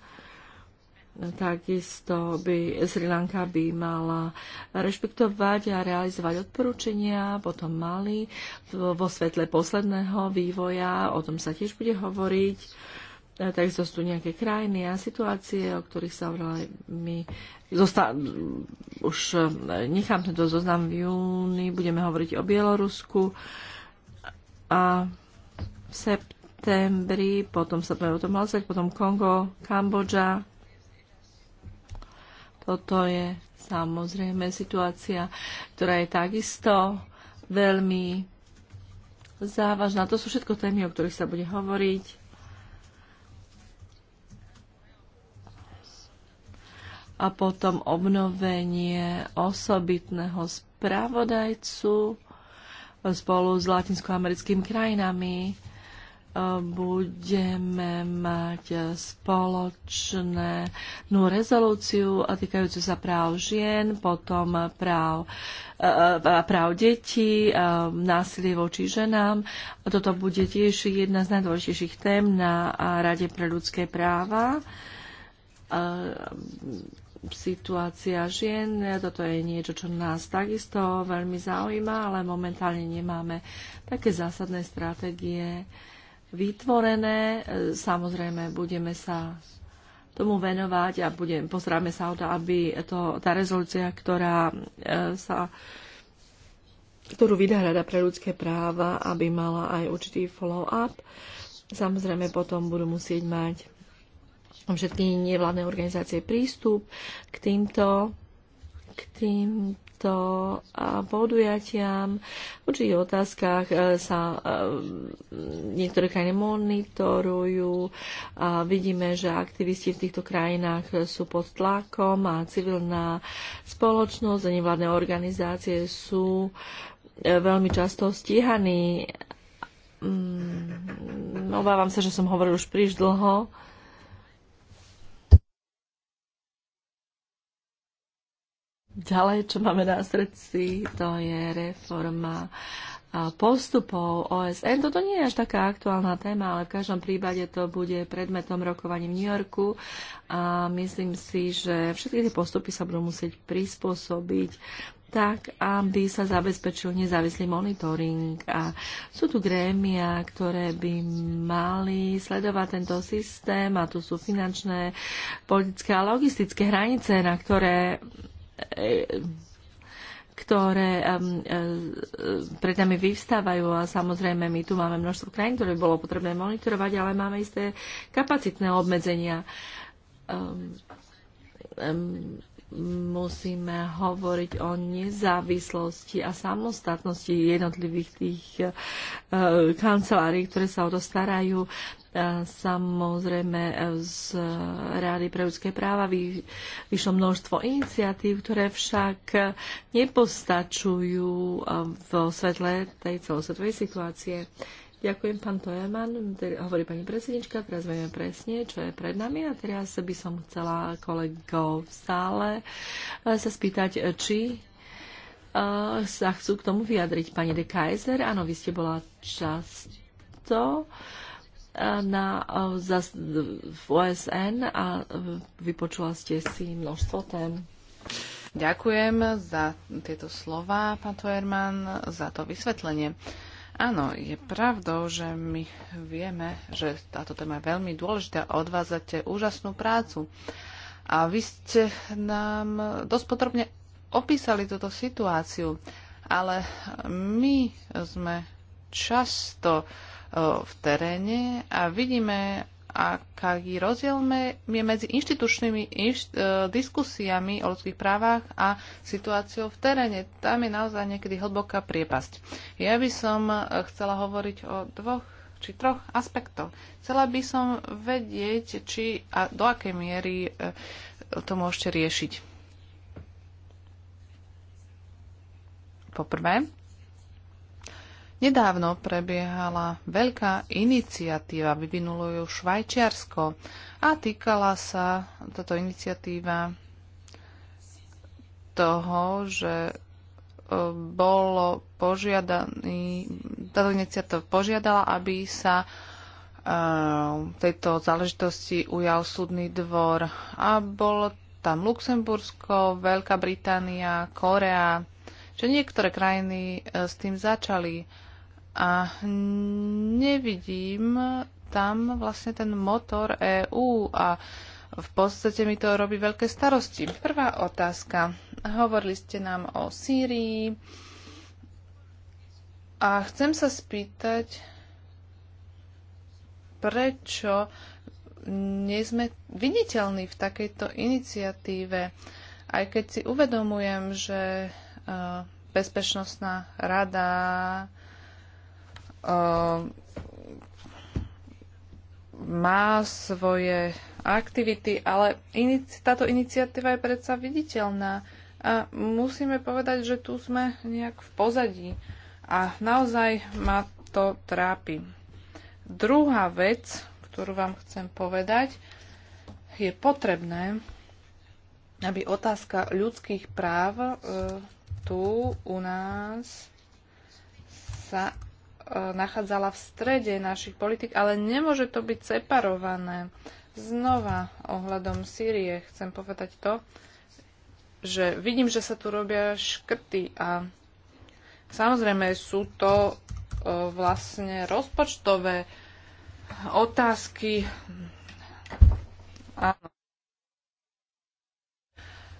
Takisto by Sri Lanka by mala rešpektovať a realizovať odporúčania, potom mali vo svetle posledného vývoja, o tom sa tiež bude hovoriť. Takisto sú tu nejaké krajiny a situácie, o ktorých sa hovorila my. Zosta- už e, nechám tento zoznam v júni, budeme hovoriť o Bielorusku a v septembri, potom sa budeme o tom hlasovať, potom Kongo, Kambodža, toto je samozrejme situácia, ktorá je takisto veľmi závažná. To sú všetko témy, o ktorých sa bude hovoriť. A potom obnovenie osobitného spravodajcu spolu s latinskoamerickými krajinami budeme mať spoločné no, rezolúciu týkajúcu sa práv žien, potom práv, e, e, práv detí, e, násilie voči ženám. Toto bude tiež jedna z najdôležitejších tém na Rade pre ľudské práva situácia žien. Toto je niečo, čo nás takisto veľmi zaujíma, ale momentálne nemáme také zásadné stratégie vytvorené. E, samozrejme, budeme sa tomu venovať a budem, postaráme sa o to, aby to, tá rezolúcia, ktorá e, sa ktorú vydá Rada pre ľudské práva, aby mala aj určitý follow-up. Samozrejme, potom budú musieť mať všetky nevládne organizácie prístup k týmto, k tým, týmto podujatiam. V určitých otázkach e, sa e, niektoré krajiny monitorujú vidíme, že aktivisti v týchto krajinách sú pod tlakom a civilná spoločnosť a nevládne organizácie sú e, veľmi často stíhaní. Mm, obávam sa, že som hovoril už príliš dlho. Ďalej, čo máme na srdci, to je reforma postupov OSN. Toto nie je až taká aktuálna téma, ale v každom prípade to bude predmetom rokovaní v New Yorku a myslím si, že všetky tie postupy sa budú musieť prispôsobiť tak, aby sa zabezpečil nezávislý monitoring. A sú tu grémia, ktoré by mali sledovať tento systém a tu sú finančné, politické a logistické hranice, na ktoré ktoré pred nami vyvstávajú a samozrejme my tu máme množstvo krajín, ktoré bolo potrebné monitorovať, ale máme isté kapacitné obmedzenia. Musíme hovoriť o nezávislosti a samostatnosti jednotlivých tých eh, kancelárií, ktoré sa o to starajú. Samozrejme e, z Rády pre ľudské práva vyšlo množstvo iniciatív, ktoré však nepostačujú e, v svetle tej celosvetovej situácie. Ďakujem, pán Tojeman, hovorí pani predsednička, teraz vieme presne, čo je pred nami a teraz by som chcela kolegov v sále e, sa spýtať, či sa chcú k tomu vyjadriť. Pani de Kaiser, áno, vy ste bola často na, eh, za, v OSN a eh, vypočula ste si množstvo tém. Ďakujem za tieto slova, pán Toerman, za to vysvetlenie. Áno, je pravdou, že my vieme, že táto téma je veľmi dôležitá. Odvádzate úžasnú prácu. A vy ste nám dosť podrobne opísali túto situáciu, ale my sme často e, v teréne a vidíme, aký rozdiel je medzi inštitučnými inš, e, diskusiami o ľudských právach a situáciou v teréne. Tam je naozaj niekedy hlboká priepasť. Ja by som e, chcela hovoriť o dvoch či troch aspektoch. Chcela by som vedieť, či a do akej miery to môžete riešiť. Poprvé, Nedávno prebiehala veľká iniciatíva, vyvinulo ju Švajčiarsko a týkala sa táto iniciatíva toho, že e, bolo požiadaný, táto iniciatíva požiadala, aby sa v e, tejto záležitosti ujal súdny dvor a bolo tam Luxembursko, Veľká Británia, Korea, že niektoré krajiny e, s tým začali a nevidím tam vlastne ten motor EÚ a v podstate mi to robí veľké starosti. Prvá otázka. Hovorili ste nám o Sýrii a chcem sa spýtať, prečo nie sme viditeľní v takejto iniciatíve, aj keď si uvedomujem, že eh, Bezpečnostná rada Ehm, má svoje aktivity, ale inici- táto iniciatíva je predsa viditeľná a musíme povedať, že tu sme nejak v pozadí a naozaj ma to trápi. Druhá vec, ktorú vám chcem povedať, je potrebné, aby otázka ľudských práv e, tu u nás sa E, nachádzala v strede našich politik, ale nemôže to byť separované. Znova ohľadom Sýrie chcem povedať to, že vidím, že sa tu robia škrty a samozrejme sú to e, vlastne rozpočtové otázky. Áno.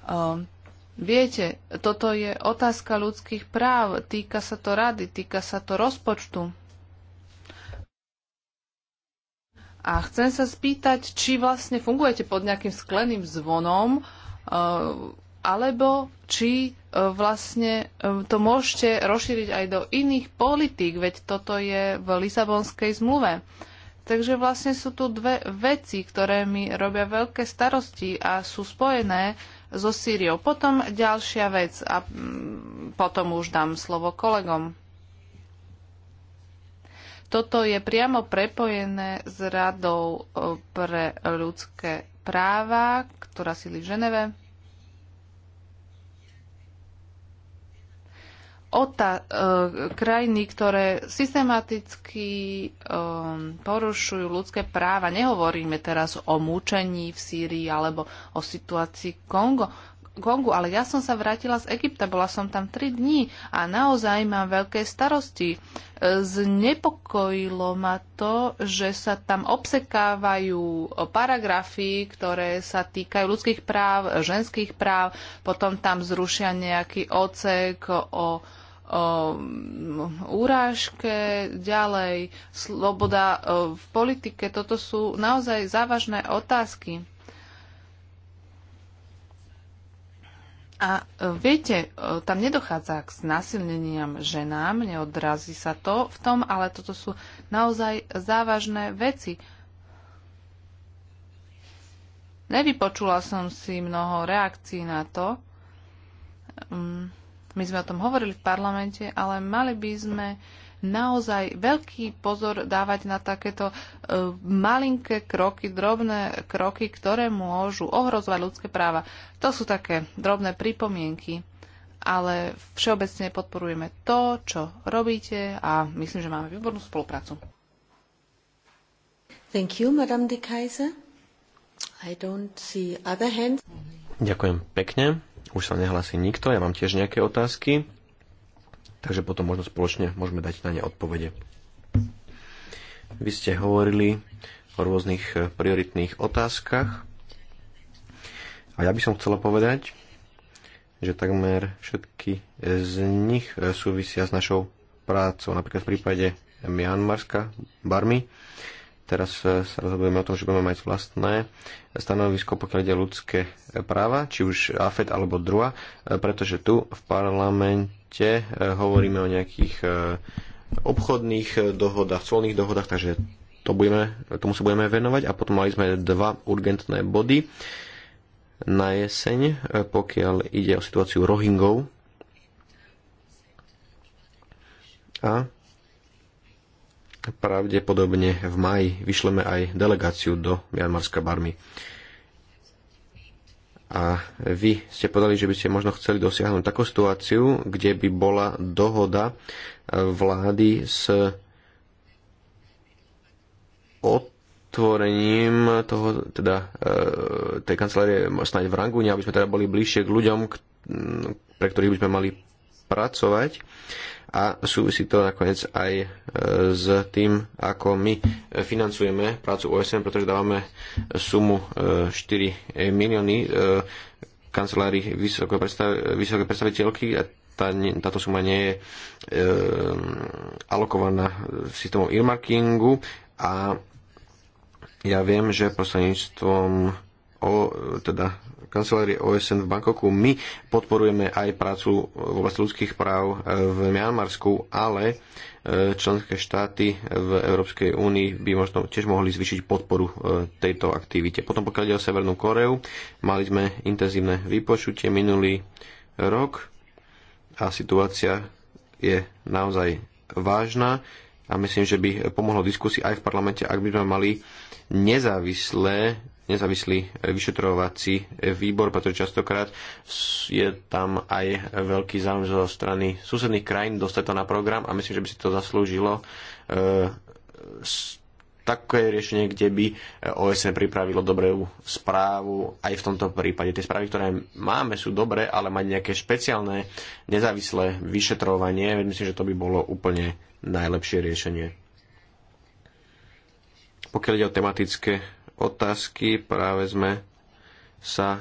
E, Viete, toto je otázka ľudských práv, týka sa to rady, týka sa to rozpočtu. A chcem sa spýtať, či vlastne fungujete pod nejakým skleným zvonom, e, alebo či e, vlastne e, to môžete rozšíriť aj do iných politík, veď toto je v Lisabonskej zmluve. Takže vlastne sú tu dve veci, ktoré mi robia veľké starosti a sú spojené so Sýriou. Potom ďalšia vec a mm, potom už dám slovo kolegom. Toto je priamo prepojené s Radou e, pre ľudské práva, ktorá sídli v Ženeve. otá- e, krajiny, ktoré systematicky e, porušujú ľudské práva. Nehovoríme teraz o múčení v Sýrii alebo o situácii Kongo. Kongu, ale ja som sa vrátila z Egypta, bola som tam 3 dní a naozaj mám veľké starosti. E, znepokojilo ma to, že sa tam obsekávajú paragrafy, ktoré sa týkajú ľudských práv, ženských práv, potom tam zrušia nejaký ocek o o úrážke, ďalej sloboda v politike. Toto sú naozaj závažné otázky. A e, viete, e, tam nedochádza k znásilneniam ženám, neodrazí sa to v tom, ale toto sú naozaj závažné veci. Nevypočula som si mnoho reakcií na to. Um, my sme o tom hovorili v parlamente, ale mali by sme naozaj veľký pozor dávať na takéto e, malinké kroky, drobné kroky, ktoré môžu ohrozovať ľudské práva. To sú také drobné pripomienky, ale všeobecne podporujeme to, čo robíte a myslím, že máme výbornú spoluprácu. Thank you, Madame de Kaiser. I don't see other hands. Ďakujem pekne. Už sa nehlási nikto, ja mám tiež nejaké otázky, takže potom možno spoločne môžeme dať na ne odpovede. Vy ste hovorili o rôznych e, prioritných otázkach a ja by som chcela povedať, že takmer všetky z nich e, súvisia s našou prácou, napríklad v prípade Mianmarska, Barmy. Teraz e, sa rozhodujeme o tom, že budeme mať vlastné stanovisko, pokiaľ ide ľudské práva, či už AFED alebo DRUA, e, pretože tu v parlamente e, hovoríme o nejakých obchodných dohodách, colných dohodách, takže to budeme, tomu sa budeme venovať a potom mali sme dva urgentné body na jeseň, pokiaľ ide o situáciu Rohingov a Pravdepodobne v maji vyšleme aj delegáciu do Mianmarska Barmy. A vy ste povedali, že by ste možno chceli dosiahnuť takú situáciu, kde by bola dohoda vlády s otvorením toho, teda, e, tej kancelárie snáď v Rangúne, aby sme teda boli bližšie k ľuďom, pre ktorých by sme mali pracovať a súvisí to nakoniec aj e, s tým, ako my financujeme prácu OSN, pretože dávame sumu 4 e, milióny e, kancelárii vysoké, predstav, vysoké predstaviteľky a tá, táto suma nie je e, alokovaná systémom earmarkingu a ja viem, že prostredníctvom o, teda kancelárie OSN v Bankoku. My podporujeme aj prácu v oblasti ľudských práv e, v Mianmarsku, ale e, členské štáty v Európskej únii by možno tiež mohli zvýšiť podporu e, tejto aktivite. Potom pokiaľ ide o Severnú Koreu, mali sme intenzívne vypočutie minulý rok a situácia je naozaj vážna a myslím, že by pomohlo diskusii aj v parlamente, ak by sme mali nezávislé nezávislý vyšetrovací výbor, pretože častokrát je tam aj veľký záujem zo strany susedných krajín dostať to na program a myslím, že by si to zaslúžilo e, také riešenie, kde by OSN pripravilo dobrú správu. Aj v tomto prípade tie správy, ktoré máme, sú dobré, ale mať nejaké špeciálne nezávislé vyšetrovanie, myslím, že to by bolo úplne najlepšie riešenie. Pokiaľ ide o tematické otázky. Práve sme sa e,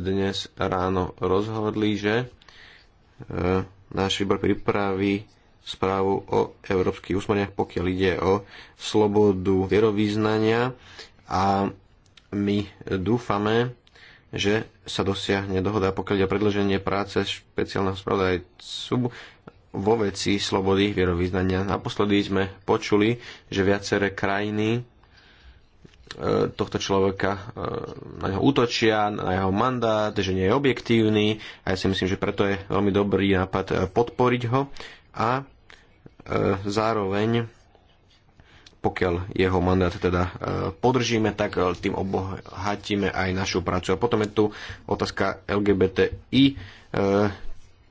dnes ráno rozhodli, že e, náš výbor pripraví správu o európskych úsmeniach, pokiaľ ide o slobodu vierovýznania a my dúfame, že sa dosiahne dohoda, pokiaľ ide o predlženie práce špeciálneho spravodajcu vo veci slobody vierovýznania. Naposledy sme počuli, že viaceré krajiny E, tohto človeka e, na jeho útočia, na jeho mandát, že nie je objektívny a ja si myslím, že preto je veľmi dobrý nápad e, podporiť ho a zároveň pokiaľ jeho mandát teda podržíme, tak tým obohatíme aj našu prácu. A potom je tu otázka LGBTI.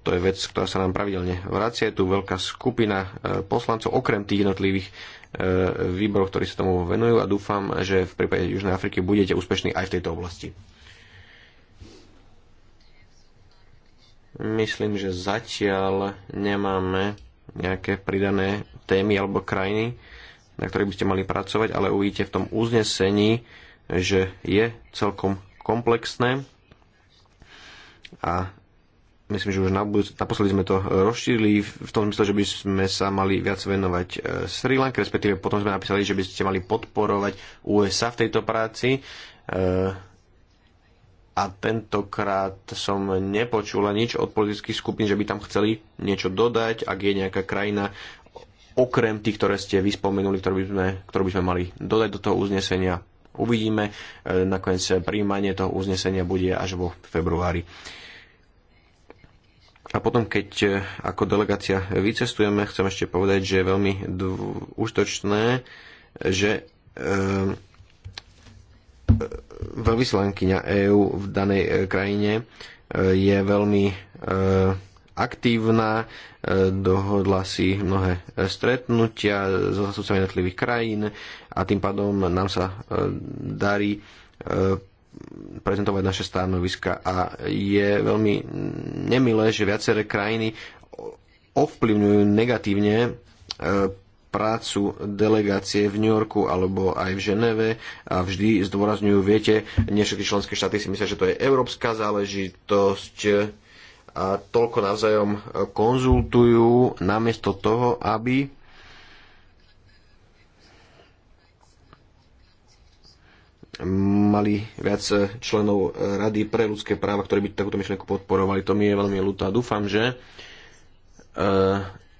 To je vec, ktorá sa nám pravidelne vracia. Je tu veľká skupina poslancov, okrem tých jednotlivých E, výboroch, ktorí sa tomu venujú a dúfam, že v prípade Južnej Afriky budete úspešní aj v tejto oblasti. Myslím, že zatiaľ nemáme nejaké pridané témy alebo krajiny, na ktorých by ste mali pracovať, ale uvidíte v tom uznesení, že je celkom komplexné a myslím, že už na budúce, naposledy sme to rozšírili v tom zmysle, že by sme sa mali viac venovať e, Sri Lanka, respektíve potom sme napísali, že by ste mali podporovať USA v tejto práci. E, a tentokrát som nepočula nič od politických skupín, že by tam chceli niečo dodať, ak je nejaká krajina okrem tých, ktoré ste vyspomenuli, ktorú by sme, ktorú by sme mali dodať do toho uznesenia. Uvidíme. E, nakoniec príjmanie toho uznesenia bude až vo februári. A potom, keď e, ako delegácia vycestujeme, chcem ešte povedať, že je veľmi užtočné, že e, e veľvyslankyňa EÚ v danej e, krajine je veľmi e, aktívna, dohodla si mnohé stretnutia so zástupcami jednotlivých krajín a tým pádom nám sa darí prezentovať naše stanoviska a je veľmi nemilé, že viaceré krajiny ovplyvňujú negatívne e, prácu delegácie v New Yorku alebo aj v Ženeve a vždy zdôrazňujú, viete, nie všetky členské štáty si myslia, že to je európska záležitosť a toľko navzájom konzultujú namiesto toho, aby mali viac e, členov e, Rady pre ľudské práva, ktorí by takúto myšlienku podporovali. To mi je veľmi ľúto a dúfam, že e,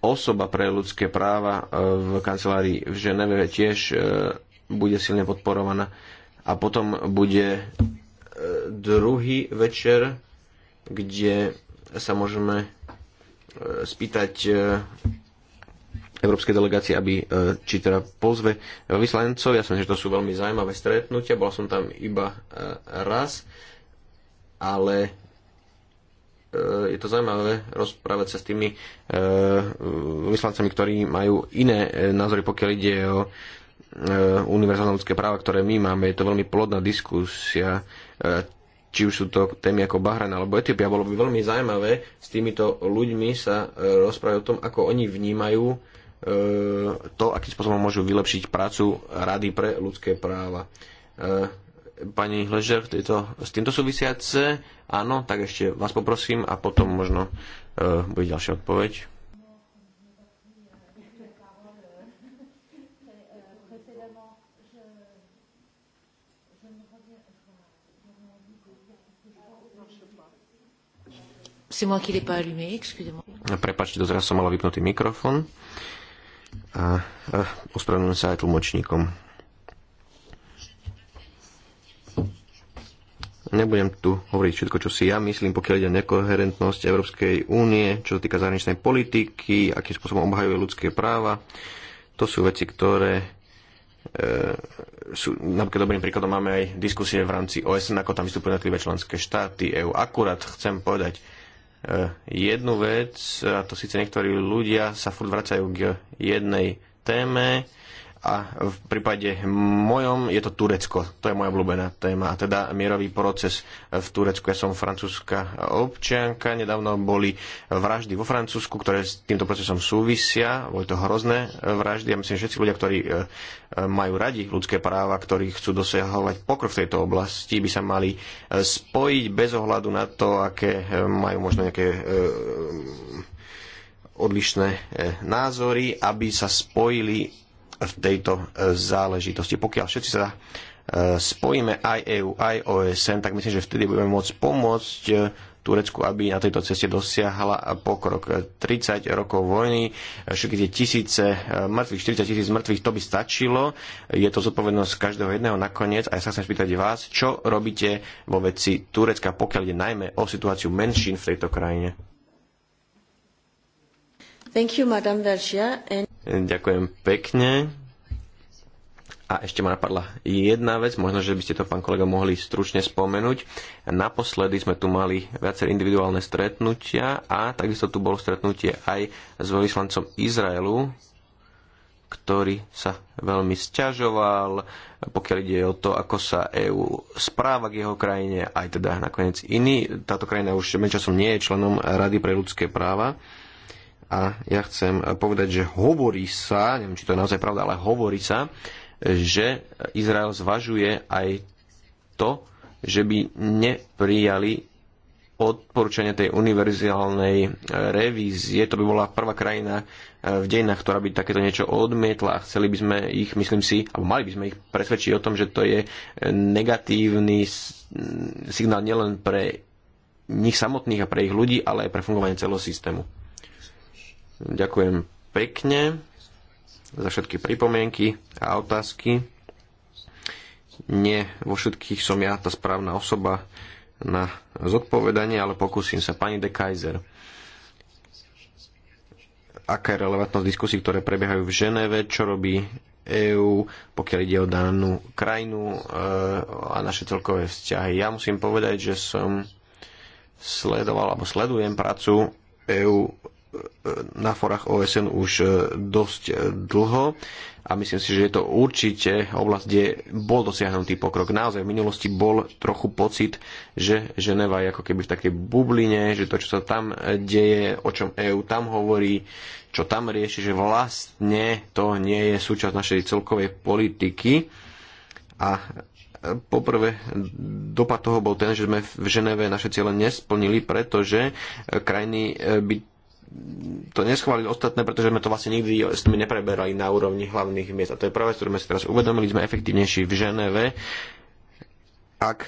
osoba pre ľudské práva v kancelárii v Ženeve tiež bude silne podporovaná. A potom bude druhý večer, kde sa môžeme spýtať európskej delegácie, aby e, či teda pozve vyslancov. Ja som, že to sú veľmi zaujímavé stretnutia, bol som tam iba e, raz, ale e, je to zaujímavé rozprávať sa s tými vyslancami, ktorí majú iné názory, pokiaľ ide o univerzálne ľudské práva, ktoré my máme. Je to veľmi plodná diskusia, či už sú to témy ako Bahrajn alebo Etiópia. Bolo by veľmi zaujímavé s týmito ľuďmi sa rozprávať o tom, ako oni vnímajú E, to, akým spôsobom môžu vylepšiť prácu Rady pre ľudské práva. E, pani Hležer, tieto, s týmto súvisiace, áno, tak ešte vás poprosím a potom možno e, bude ďalšia odpoveď. Prepačte, dozraz som mala vypnutý mikrofón. Uh, a, a ospravedlňujem sa aj tlmočníkom. Nebudem tu hovoriť všetko, čo si ja myslím, pokiaľ ide o nekoherentnosť Európskej únie, čo sa týka zahraničnej politiky, akým spôsobom obhajuje ľudské práva. To sú veci, ktoré e, sú, napríklad dobrým príkladom máme aj diskusie v rámci OSN, ako tam vystupujú jednotlivé členské štáty EÚ. Akurát chcem povedať, Eh, jednu vec, a to síce niektorí ľudia sa furt vracajú k jednej téme, a v prípade mojom je to Turecko. To je moja obľúbená téma. A teda mierový proces v Turecku. Ja som francúzska občianka. Nedávno boli vraždy vo Francúzsku, ktoré s týmto procesom súvisia. Boli to hrozné vraždy. Ja myslím, že všetci ľudia, ktorí e, majú radi ľudské práva, ktorí chcú dosahovať pokrok v tejto oblasti, by sa mali e, spojiť bez ohľadu na to, aké e, majú možno nejaké odlišné názory, aby sa spojili v tejto e, záležitosti. Pokiaľ všetci sa e, spojíme aj EU, aj OSN, tak myslím, že vtedy budeme môcť pomôcť e, Turecku, aby na tejto ceste dosiahla pokrok. 30 rokov vojny, všetky tie tisíce mŕtvych, 40 tisíc mŕtvych, to by stačilo. Je to zodpovednosť každého jedného nakoniec. A ja sa chcem spýtať vás, čo robíte vo veci Turecka, pokiaľ ide najmä o situáciu menšín v tejto krajine? Thank you, Madame Vergia. And... Ďakujem pekne. A ešte ma napadla jedna vec, možno, že by ste to, pán kolega, mohli stručne spomenúť. Naposledy sme tu mali viacer individuálne stretnutia a takisto tu bolo stretnutie aj s vyslancom Izraelu, ktorý sa veľmi sťažoval, pokiaľ ide o to, ako sa EÚ správa k jeho krajine, aj teda nakoniec iný. Táto krajina už menčasom nie je členom Rady pre ľudské práva. A ja chcem povedať, že hovorí sa, neviem, či to je naozaj pravda, ale hovorí sa, že Izrael zvažuje aj to, že by neprijali odporúčania tej univerzálnej revízie. To by bola prvá krajina e, v dejinách, ktorá by takéto niečo odmietla a chceli by sme ich, myslím si, alebo mali by sme ich presvedčiť o tom, že to je e, negatívny signál nielen pre nich samotných a pre ich ľudí, ale aj pre fungovanie celého systému. Ďakujem pekne za všetky pripomienky a otázky. Nie vo všetkých som ja tá správna osoba na zodpovedanie, ale pokúsim sa. Pani de Kaiser, aká je relevantnosť diskusí, ktoré prebiehajú v Ženeve, čo robí EÚ, pokiaľ ide o danú krajinu e, a naše celkové vzťahy. Ja musím povedať, že som sledoval alebo sledujem prácu EÚ na forách OSN už e, dosť e, dlho a myslím si, že je to určite oblasť, kde bol dosiahnutý pokrok. Naozaj v minulosti bol trochu pocit, že Ženeva je ako keby v takej bubline, že to, čo sa tam e, deje, o čom EÚ tam hovorí, čo tam rieši, že vlastne to nie je súčasť našej celkovej politiky. A poprvé dopad toho bol ten, že sme v Ženeve naše ciele nesplnili, pretože krajiny by to neschválili ostatné, pretože sme to vlastne nikdy s nimi nepreberali na úrovni hlavných miest. A to je práve, ktorú sme si teraz uvedomili, sme efektívnejší v Ženeve, ak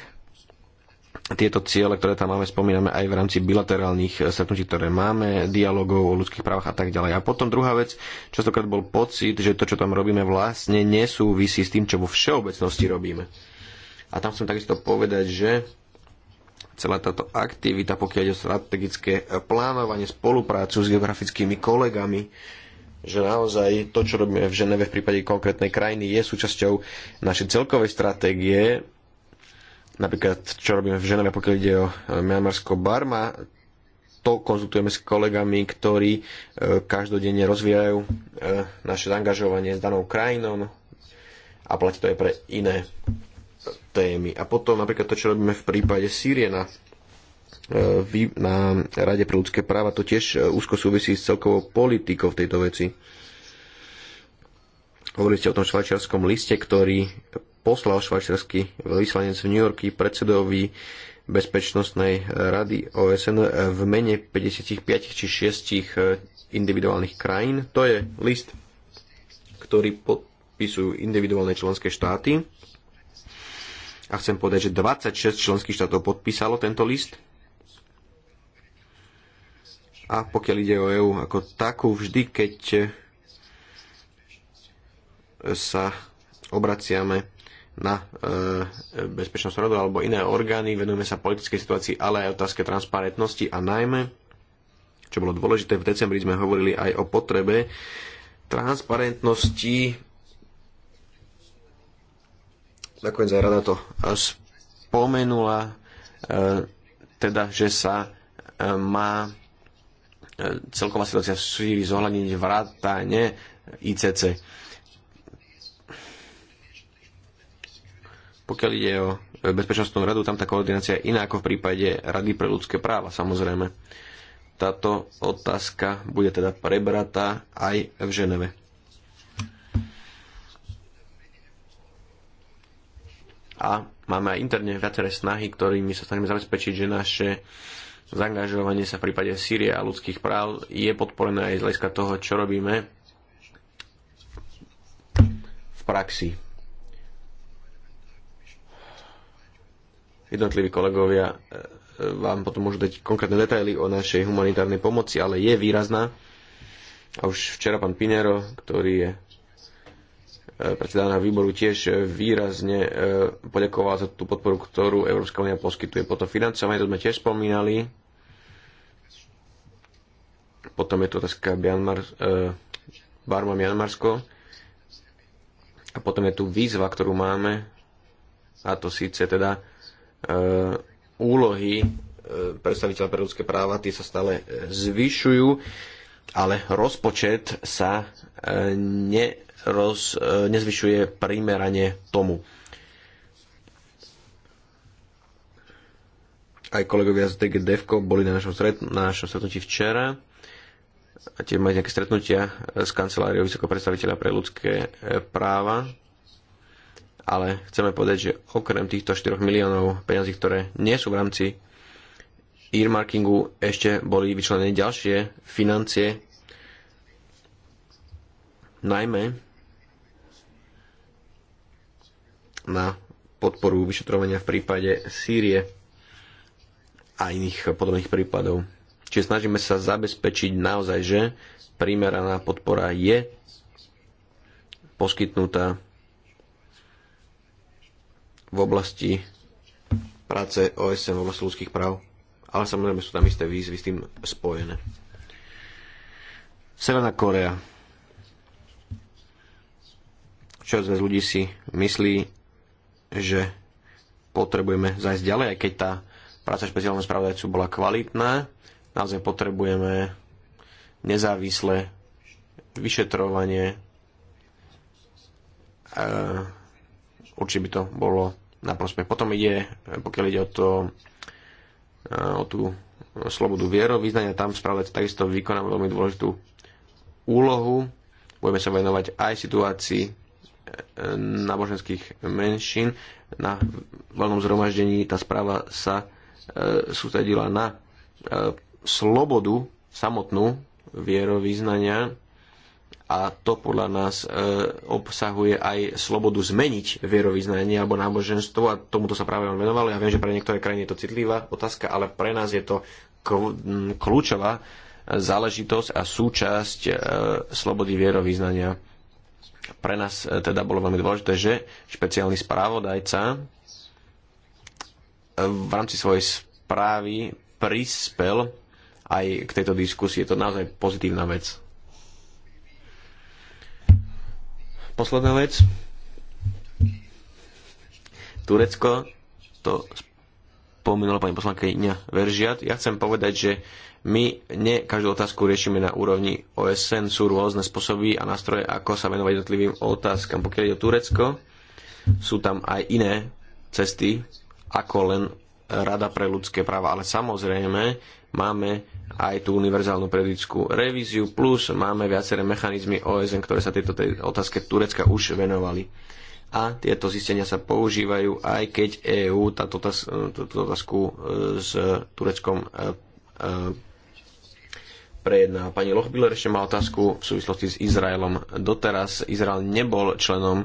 tieto ciele, ktoré tam máme, spomíname aj v rámci bilaterálnych eh, stretnutí, ktoré máme, dialogov o ľudských právach a tak ďalej. A potom druhá vec, častokrát bol pocit, že to, čo tam robíme, vlastne nesúvisí s tým, čo vo všeobecnosti robíme. A tam chcem takisto povedať, že celá táto aktivita, pokiaľ ide o strategické e, plánovanie, spoluprácu s geografickými kolegami, že naozaj to, čo robíme v Ženeve v prípade konkrétnej krajiny, je súčasťou našej celkovej stratégie. Napríklad, čo robíme v Ženeve, pokiaľ ide o e, Mianmarsko-Barma, to konzultujeme s kolegami, ktorí e, každodenne rozvíjajú naše zaangažovanie s danou krajinou no, a platí to aj pre iné témy. A potom napríklad to, čo robíme v prípade Sýrie na, e, na Rade pre ľudské práva, to tiež e, úzko súvisí s celkovou politikou v tejto veci. Hovorili ste o tom švajčiarskom liste, ktorý poslal švajčiarsky vyslanec v New Yorku predsedovi Bezpečnostnej rady OSN v mene 55 či 6 e, individuálnych krajín. To je list, ktorý podpisujú individuálne členské štáty a chcem povedať, že 26 členských štátov podpísalo tento list. A pokiaľ ide o EÚ ako takú, vždy keď sa obraciame na e, Bezpečnostnú alebo iné orgány, venujeme sa politickej situácii, ale aj otázke transparentnosti a najmä, čo bolo dôležité, v decembri sme hovorili aj o potrebe transparentnosti nakoniec aj rada to eh, spomenula, eh, teda, že sa eh, má celková situácia v Sýrii zohľadniť vrátane ICC. Pokiaľ ide o Bezpečnostnú radu, tam tá koordinácia je iná ako v prípade Rady pre ľudské práva, samozrejme. Táto otázka bude teda prebratá aj v Ženeve. a máme aj interne viaceré snahy, ktorými sa snažíme zabezpečiť, že naše zaangažovanie sa v prípade Sýrie a ľudských práv je podporené aj z hľadiska toho, čo robíme v praxi. Jednotliví kolegovia e, vám potom môžu dať konkrétne detaily o našej humanitárnej pomoci, ale je výrazná. A už včera pán Pinero, ktorý je predseda nášho výboru tiež e, výrazne e, poďakoval za tú podporu, ktorú Európska únia poskytuje. Potom financovanie, to sme tiež spomínali. Potom je tu otázka Bianmar, e, Barma Mianmarsko. A potom je tu výzva, ktorú máme, a to síce teda úlohy predstaviteľa pre ľudské práva, tie sa stále zvyšujú ale rozpočet sa e, neroz, e, nezvyšuje primerane tomu. Aj kolegovia z DGDF boli na našom, stret, na našom stretnutí včera a tie majú nejaké stretnutia s kanceláriou vysokého predstaviteľa pre ľudské e, práva. Ale chceme povedať, že okrem týchto 4 miliónov peňazí, ktoré nie sú v rámci earmarkingu ešte boli vyčlenené ďalšie financie, najmä na podporu vyšetrovania v prípade Sýrie a iných podobných prípadov. Čiže snažíme sa zabezpečiť naozaj, že primeraná podpora je poskytnutá v oblasti práce OSN v oblasti ľudských práv ale samozrejme sú tam isté výzvy s tým spojené. Severná Korea. Čo z ľudí si myslí, že potrebujeme zajsť ďalej, aj keď tá práca špeciálneho spravodajcu bola kvalitná. Naozaj potrebujeme nezávislé vyšetrovanie. určite by to bolo na prospech. Potom ide, pokiaľ ide o to o tú slobodu vierovýznania. Tam správne takisto vykoná veľmi dôležitú úlohu. Budeme sa venovať aj situácii e, náboženských menšín. Na veľnom zhromaždení tá správa sa e, sústredila na e, slobodu samotnú vierovýznania a to podľa nás e, obsahuje aj slobodu zmeniť vierovýznanie alebo náboženstvo a tomuto sa práve on venoval. Ja viem, že pre niektoré krajiny je to citlivá otázka, ale pre nás je to kľúčová e, záležitosť a súčasť e, slobody vierovýznania. Pre nás e, teda bolo veľmi dôležité, že špeciálny správodajca e, v rámci svojej správy prispel aj k tejto diskusii. Je to naozaj pozitívna vec. Posledná vec. Turecko, to spomenula pani poslankyňa Veržiat. Ja chcem povedať, že my ne každú otázku riešime na úrovni OSN, sú rôzne spôsoby a nástroje, ako sa venovať jednotlivým otázkam. Pokiaľ ide o Turecko, sú tam aj iné cesty, ako len Rada pre ľudské práva. Ale samozrejme, máme aj tú univerzálnu periodickú revíziu, plus máme viaceré mechanizmy OSN, ktoré sa tejto tej otázke Turecka už venovali. A tieto zistenia sa používajú, aj keď EÚ táto, túto otázku e, s Tureckom e, e, prejedná. Pani Lochbiller ešte má otázku v súvislosti s Izraelom. Doteraz Izrael nebol členom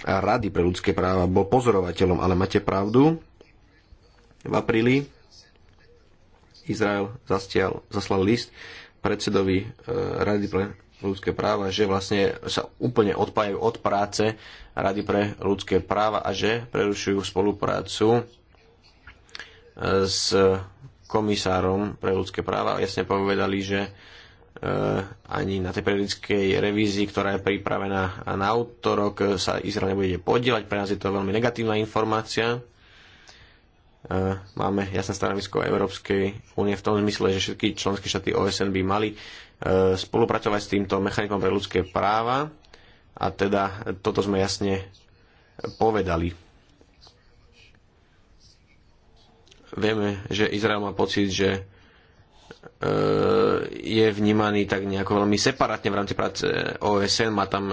Rady pre ľudské práva, bol pozorovateľom, ale máte pravdu. V apríli Izrael zastial, zaslal list predsedovi e, Rady pre ľudské práva, že vlastne sa úplne odpájajú od práce Rady pre ľudské práva a že prerušujú spoluprácu e, s komisárom pre ľudské práva. Jasne povedali, že e, ani na tej periodickej revízii, ktorá je pripravená na útorok, sa Izrael nebude podielať. Pre nás je to veľmi negatívna informácia E, máme jasné stanovisko Európskej únie v tom zmysle, že všetky členské štáty OSN by mali e, spolupracovať s týmto mechanizmom pre ľudské práva a teda toto sme jasne povedali. Vieme, že Izrael má pocit, že E, je vnímaný tak nejako veľmi separátne v rámci práce OSN, má tam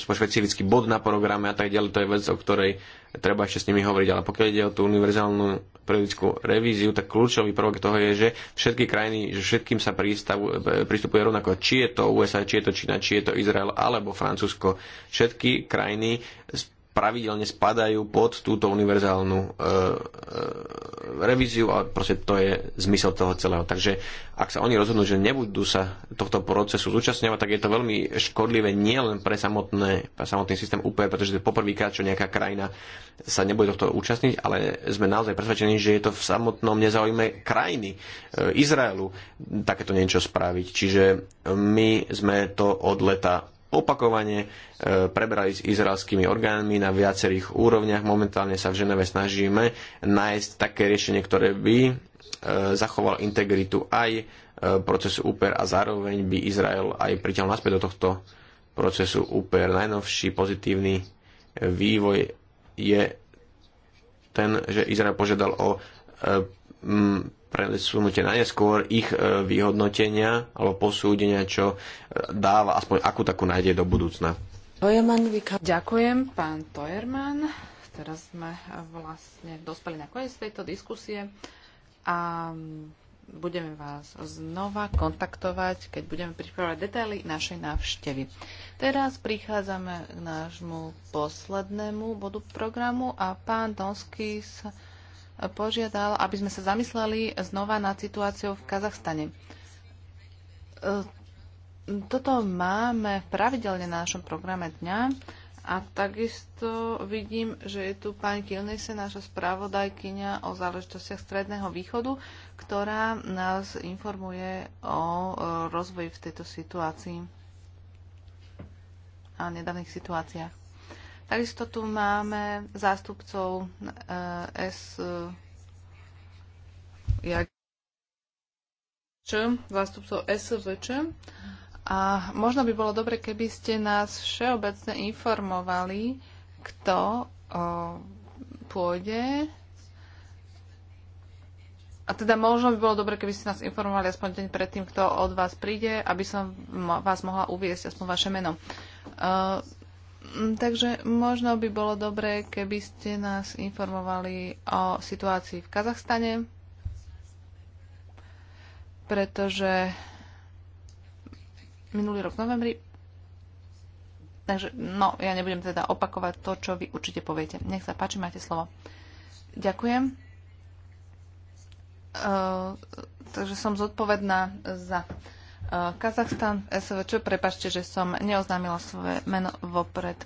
špecifický bod na programe a tak ďalej, to je vec, o ktorej treba ešte s nimi hovoriť, ale pokiaľ ide o tú univerzálnu periodickú revíziu, tak kľúčový prvok toho je, že všetky krajiny, že všetkým sa e, pristupuje rovnako, či je to USA, či je to Čína, či je to Izrael alebo Francúzsko. Všetky krajiny pravidelne spadajú pod túto univerzálnu e, e, revíziu a proste to je zmysel toho celého. Takže ak sa oni rozhodnú, že nebudú sa tohto procesu zúčastňovať, tak je to veľmi škodlivé nielen pre, samotné, pre samotný systém UPR, pretože to je poprvýkrát, čo nejaká krajina sa nebude tohto účastniť, ale sme naozaj presvedčení, že je to v samotnom nezaujme krajiny e, Izraelu takéto niečo spraviť. Čiže my sme to od leta opakovane e, prebrali s izraelskými orgánmi na viacerých úrovniach. Momentálne sa v Ženeve snažíme nájsť také riešenie, ktoré by e, zachoval integritu aj e, procesu UPER a zároveň by Izrael aj priťahol naspäť do tohto procesu UPER. Najnovší pozitívny vývoj je ten, že Izrael požiadal o presunutie na neskôr ich e, vyhodnotenia alebo posúdenia, čo e, dáva aspoň akú takú nádej do budúcna. Ďakujem, pán Tojerman. Teraz sme vlastne dospeli na koniec tejto diskusie a budeme vás znova kontaktovať, keď budeme pripravovať detaily našej návštevy. Teraz prichádzame k nášmu poslednému bodu programu a pán Donský sa požiadal, aby sme sa zamysleli znova nad situáciou v Kazachstane. E, toto máme pravidelne na našom programe dňa a takisto vidím, že je tu pani Kilnese, naša spravodajkyňa o záležitostiach Stredného východu, ktorá nás informuje o rozvoji v tejto situácii a nedávnych situáciách. Takisto tu máme zástupcov eh, S. zástupcov SVČ. A možno by bolo dobre, keby ste nás všeobecne informovali, kto eh, pôjde. A teda možno by bolo dobre, keby ste nás informovali aspoň deň predtým, kto od vás príde, aby som vás mohla uviesť aspoň vaše meno. Uh, Mm, takže možno by bolo dobré, keby ste nás informovali o situácii v Kazachstane, pretože minulý rok v novembri. Takže, no, ja nebudem teda opakovať to, čo vy určite poviete. Nech sa páči, máte slovo. Ďakujem. Uh, takže som zodpovedná za uh, Kazachstan, SVČ, prepašte, že som neoznámila svoje meno vopred.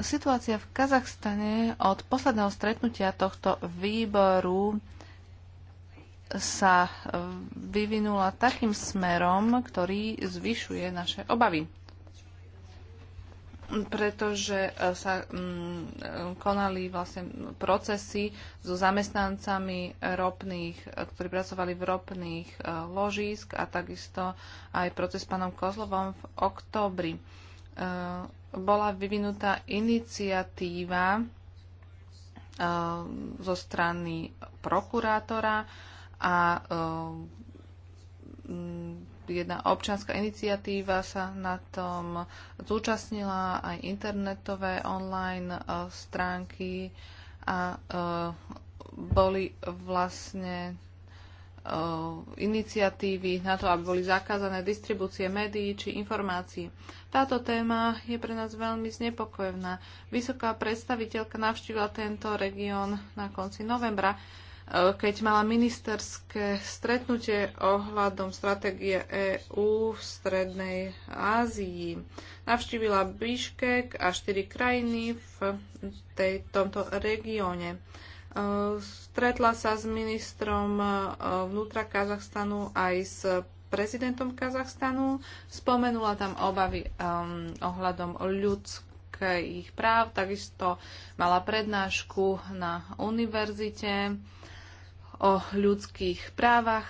Situácia v Kazachstane od posledného stretnutia tohto výboru sa vyvinula takým smerom, ktorý zvyšuje naše obavy pretože e, sa mm, e, konali vlastne procesy so zamestnancami ropných, e, ktorí pracovali v ropných ložísk a takisto aj proces s pánom Kozlovom v októbri. Bola vyvinutá iniciatíva zo strany prokurátora a jedna občianská iniciatíva sa na tom zúčastnila, aj internetové online e, stránky a e, boli vlastne e, iniciatívy na to, aby boli zakázané distribúcie médií či informácií. Táto téma je pre nás veľmi znepokojevná. Vysoká predstaviteľka navštívila tento región na konci novembra keď mala ministerské stretnutie ohľadom stratégie EÚ v Strednej Ázii. Navštívila Biškek a štyri krajiny v tej, tomto regióne. E, stretla sa s ministrom e, vnútra Kazachstanu aj s prezidentom Kazachstanu. Spomenula tam obavy um, ohľadom ľudských práv, takisto mala prednášku na univerzite o ľudských právach.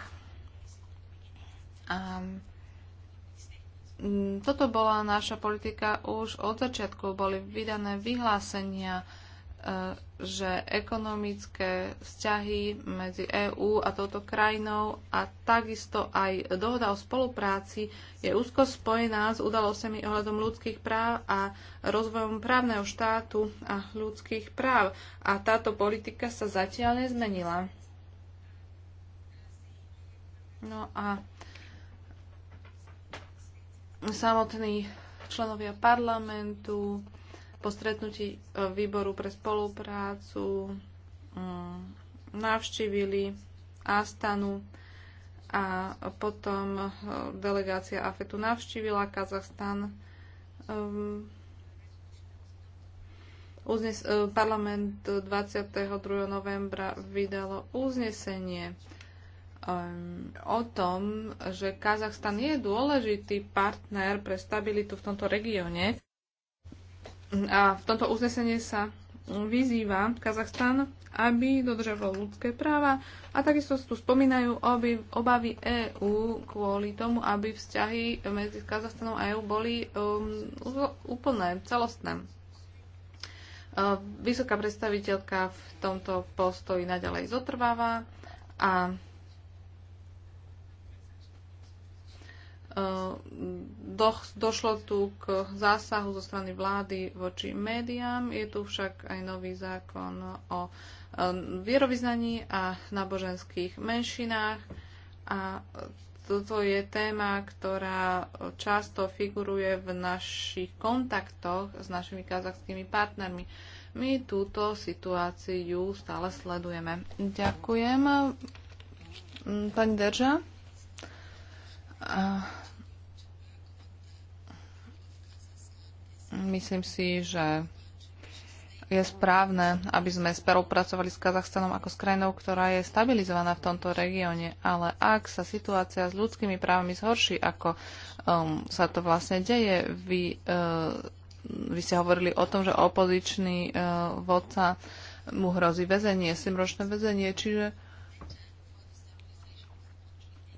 A mm, toto bola naša politika už od začiatku. Boli vydané vyhlásenia, e, že ekonomické vzťahy medzi EÚ a touto krajinou a takisto aj dohoda o spolupráci je úzko spojená s udalosťami ohľadom ľudských práv a rozvojom právneho štátu a ľudských práv. A táto politika sa zatiaľ nezmenila. No a samotní členovia parlamentu po stretnutí e, výboru pre spoluprácu mm, navštívili Astanu a potom e, delegácia AFETu navštívila Kazachstan. Ehm, e, parlament 22. novembra vydalo uznesenie o tom, že Kazachstan je dôležitý partner pre stabilitu v tomto regióne. A v tomto uznesení sa vyzýva Kazachstan, aby dodržoval ľudské práva a takisto tu spomínajú oby, obavy EÚ kvôli tomu, aby vzťahy medzi Kazachstanom a EÚ boli um, úplné, celostné. Uh, vysoká predstaviteľka v tomto postoji naďalej zotrváva a Eh, do, došlo tu k zásahu zo strany vlády voči médiám. Je tu však aj nový zákon o eh, vierovýznaní a náboženských menšinách. A toto je téma, ktorá často figuruje v našich kontaktoch s našimi kazachskými partnermi. My túto situáciu stále sledujeme. Ďakujem. Pani Derža. Myslím si, že je správne, aby sme spolupracovali s Kazachstanom ako s krajinou, ktorá je stabilizovaná v tomto regióne. Ale ak sa situácia s ľudskými právami zhorší, ako um, sa to vlastne deje, vy, uh, vy ste hovorili o tom, že opozičný uh, vodca mu hrozí väzenie, simročné väzenie, čiže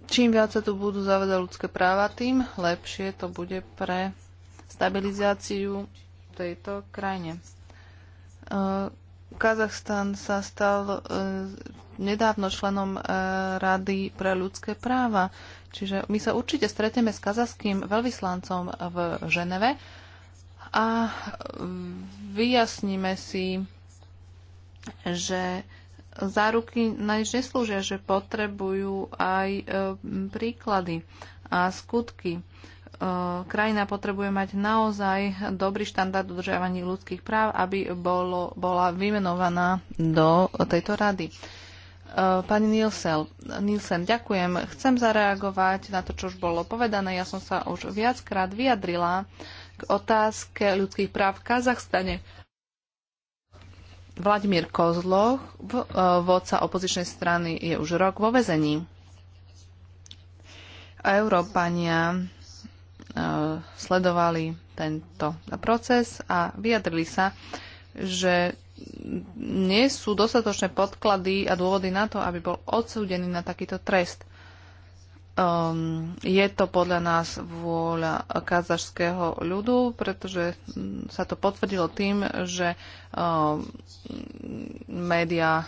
čím viac sa tu budú zavedať ľudské práva, tým lepšie to bude pre stabilizáciu tejto krajine. E, Kazachstan sa stal e, nedávno členom e, Rady pre ľudské práva, čiže my sa určite stretneme s kazachským veľvyslancom v Ženeve a vyjasníme si, že záruky na nič neslúžia, že potrebujú aj príklady a skutky. Eh, krajina potrebuje mať naozaj dobrý štandard dodržiavaní ľudských práv, aby bolo, bola vymenovaná do tejto rady. Eh, pani Nielsen, Nielsen, ďakujem. Chcem zareagovať na to, čo už bolo povedané. Ja som sa už viackrát vyjadrila k otázke ľudských práv v Kazachstane. Vladimír Kozloch, eh, vodca opozičnej strany, je už rok vo vezení. Európania E, sledovali tento proces a vyjadrili sa, že nie sú dostatočné podklady a dôvody na to, aby bol odsúdený na takýto trest. Um, je to podľa nás vôľa kazašského ľudu, pretože mm, sa to potvrdilo tým, že um, médiá um,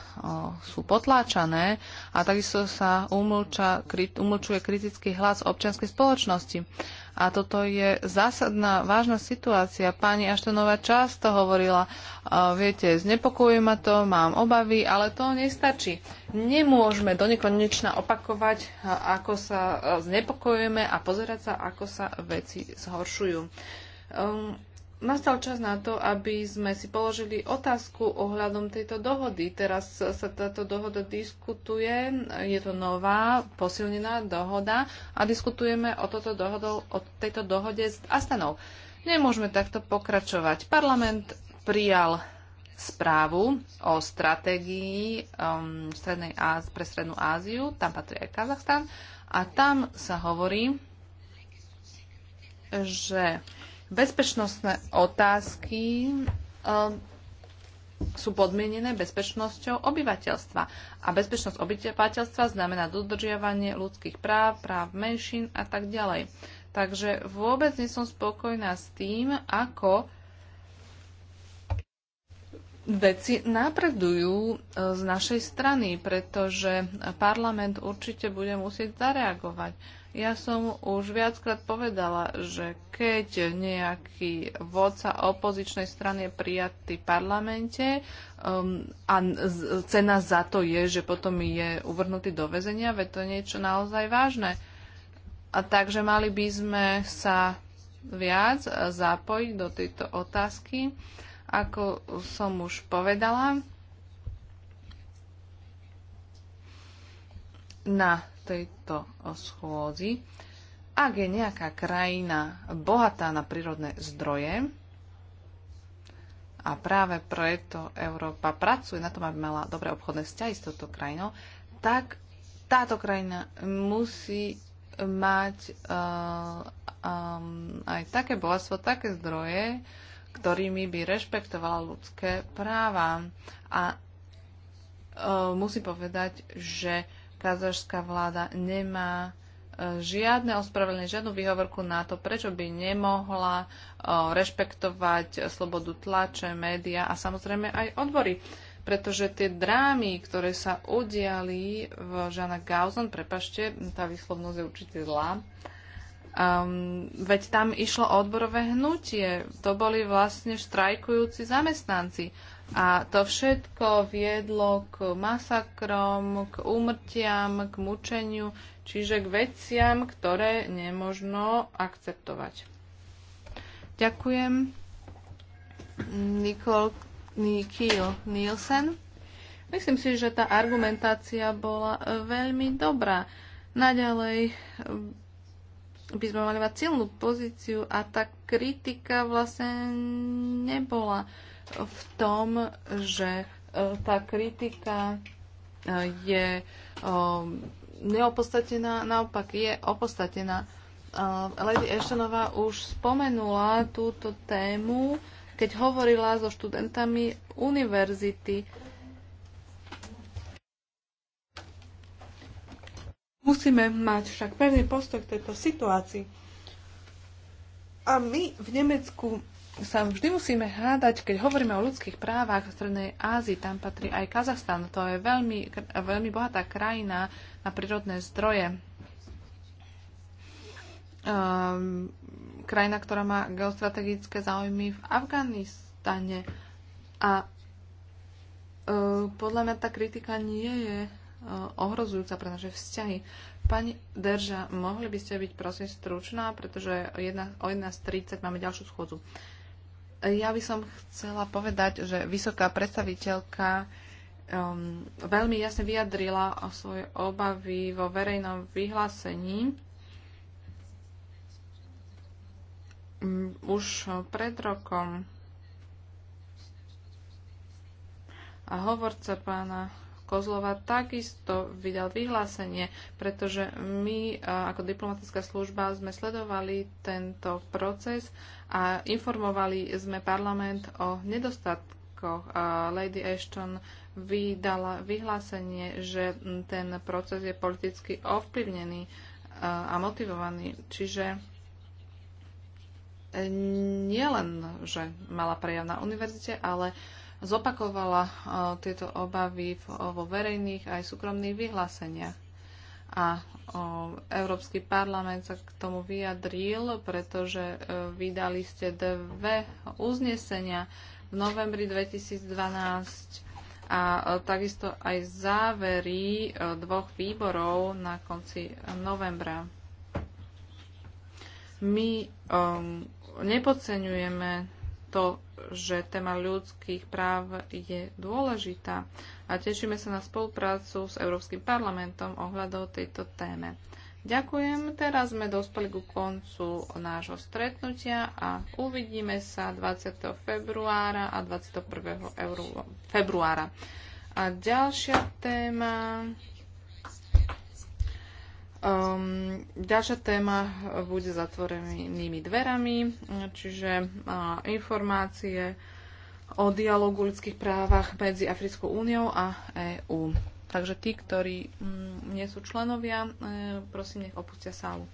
sú potláčané a takisto sa umlča, kri, umlčuje kritický hlas občianskej spoločnosti. Uh, a toto je zásadná, vážna situácia. Pani Aštenová často hovorila, uh, viete, znepokojuje ma to, mám obavy, ale to nestačí. Nemôžeme do nekonečna opakovať, uh, ako sa uh, znepokojujeme a pozerať sa, ako sa veci zhoršujú. Um, nastal čas na to, aby sme si položili otázku ohľadom tejto dohody. Teraz sa táto dohoda diskutuje, je to nová, posilnená dohoda a diskutujeme o, toto dohodo, o tejto dohode s Astanou. Nemôžeme takto pokračovať. Parlament prijal správu o stratégii um, Strednej pre Strednú Áziu, tam patrí aj Kazachstan, a tam sa hovorí, že bezpečnostné otázky ehm, sú podmienené bezpečnosťou obyvateľstva. A bezpečnosť obyvateľstva znamená dodržiavanie ľudských práv, práv menšín a tak ďalej. Takže vôbec nie som spokojná s tým, ako veci napredujú e, z našej strany, pretože parlament určite bude musieť zareagovať. Ja som už viackrát povedala, že keď nejaký vodca opozičnej strany je prijatý v parlamente um, a cena za to je, že potom je uvrhnutý do väzenia, veď to je niečo naozaj vážne. A takže mali by sme sa viac zapojiť do tejto otázky. Uh, ako som už povedala, na tejto schôdzi, ak je nejaká krajina bohatá na prírodné zdroje, a práve preto Európa pracuje na tom, aby mala dobré obchodné vzťahy s touto krajinou, tak táto krajina musí mať uh, um, aj také bohatstvo, také zdroje, ktorými by rešpektovala ľudské práva. A e, musím povedať, že kazašská vláda nemá e, žiadne ospravedlenie, žiadnu výhovorku na to, prečo by nemohla e, rešpektovať slobodu tlače, média a samozrejme aj odbory. Pretože tie drámy, ktoré sa udiali v Žana Gauzon, prepašte, tá výslovnosť je určite zlá, e, Um, veď tam išlo odborové hnutie, to boli vlastne štrajkujúci zamestnanci. A to všetko viedlo k masakrom, k úmrtiam, k mučeniu, čiže k veciam, ktoré nemožno akceptovať. Ďakujem. Nicole Nikil Nielsen. Myslím si, že tá argumentácia bola veľmi dobrá. Naďalej by sme mali mať silnú pozíciu a tá kritika vlastne nebola v tom, že e, tá kritika e, je e, neopostatená, naopak je opostatená. Lady Ashtonová už spomenula túto tému, keď hovorila so študentami univerzity Musíme mať však pevný postoj k tejto situácii. A my v Nemecku sa vždy musíme hádať, keď hovoríme o ľudských právach v Strednej Ázii, tam patrí aj Kazachstan. To je veľmi, veľmi bohatá krajina na prírodné zdroje. Um, krajina, ktorá má geostrategické záujmy v Afganistane. A uh, podľa mňa tá kritika nie je ohrozujúca pre naše vzťahy. Pani Drža, mohli by ste byť prosím stručná, pretože o 11.30 máme ďalšiu schôdzu. Ja by som chcela povedať, že vysoká predstaviteľka um, veľmi jasne vyjadrila o svoje obavy vo verejnom vyhlásení. Mm, už pred rokom a hovorca pána Kozlova takisto vydal vyhlásenie, pretože my e, ako diplomatická služba sme sledovali tento proces a informovali sme parlament o nedostatkoch. Lady Ashton vydala vyhlásenie, že ten proces je politicky ovplyvnený e, a motivovaný. Čiže e, nielen, že mala prejav na univerzite, ale uh, zopakovala e, tieto obavy vo verejných aj súkromných vyhláseniach. A e, Európsky parlament sa k tomu vyjadril, pretože e, vydali ste dve uznesenia v novembri 2012 a takisto aj závery dvoch výborov na konci novembra. My um, nepodceňujeme to, že téma ľudských práv je dôležitá a tešíme sa na spoluprácu s Európskym parlamentom ohľadom tejto téme. Ďakujem, teraz sme dospeli ku koncu nášho stretnutia a uvidíme sa 20. februára a 21. februára. A ďalšia téma Um, ďalšia téma bude zatvorenými dverami, čiže uh, informácie o dialogu o ľudských právach medzi Africkou úniou a EÚ. Takže tí, ktorí mm, nie sú členovia, e, prosím, nech opustia sálu.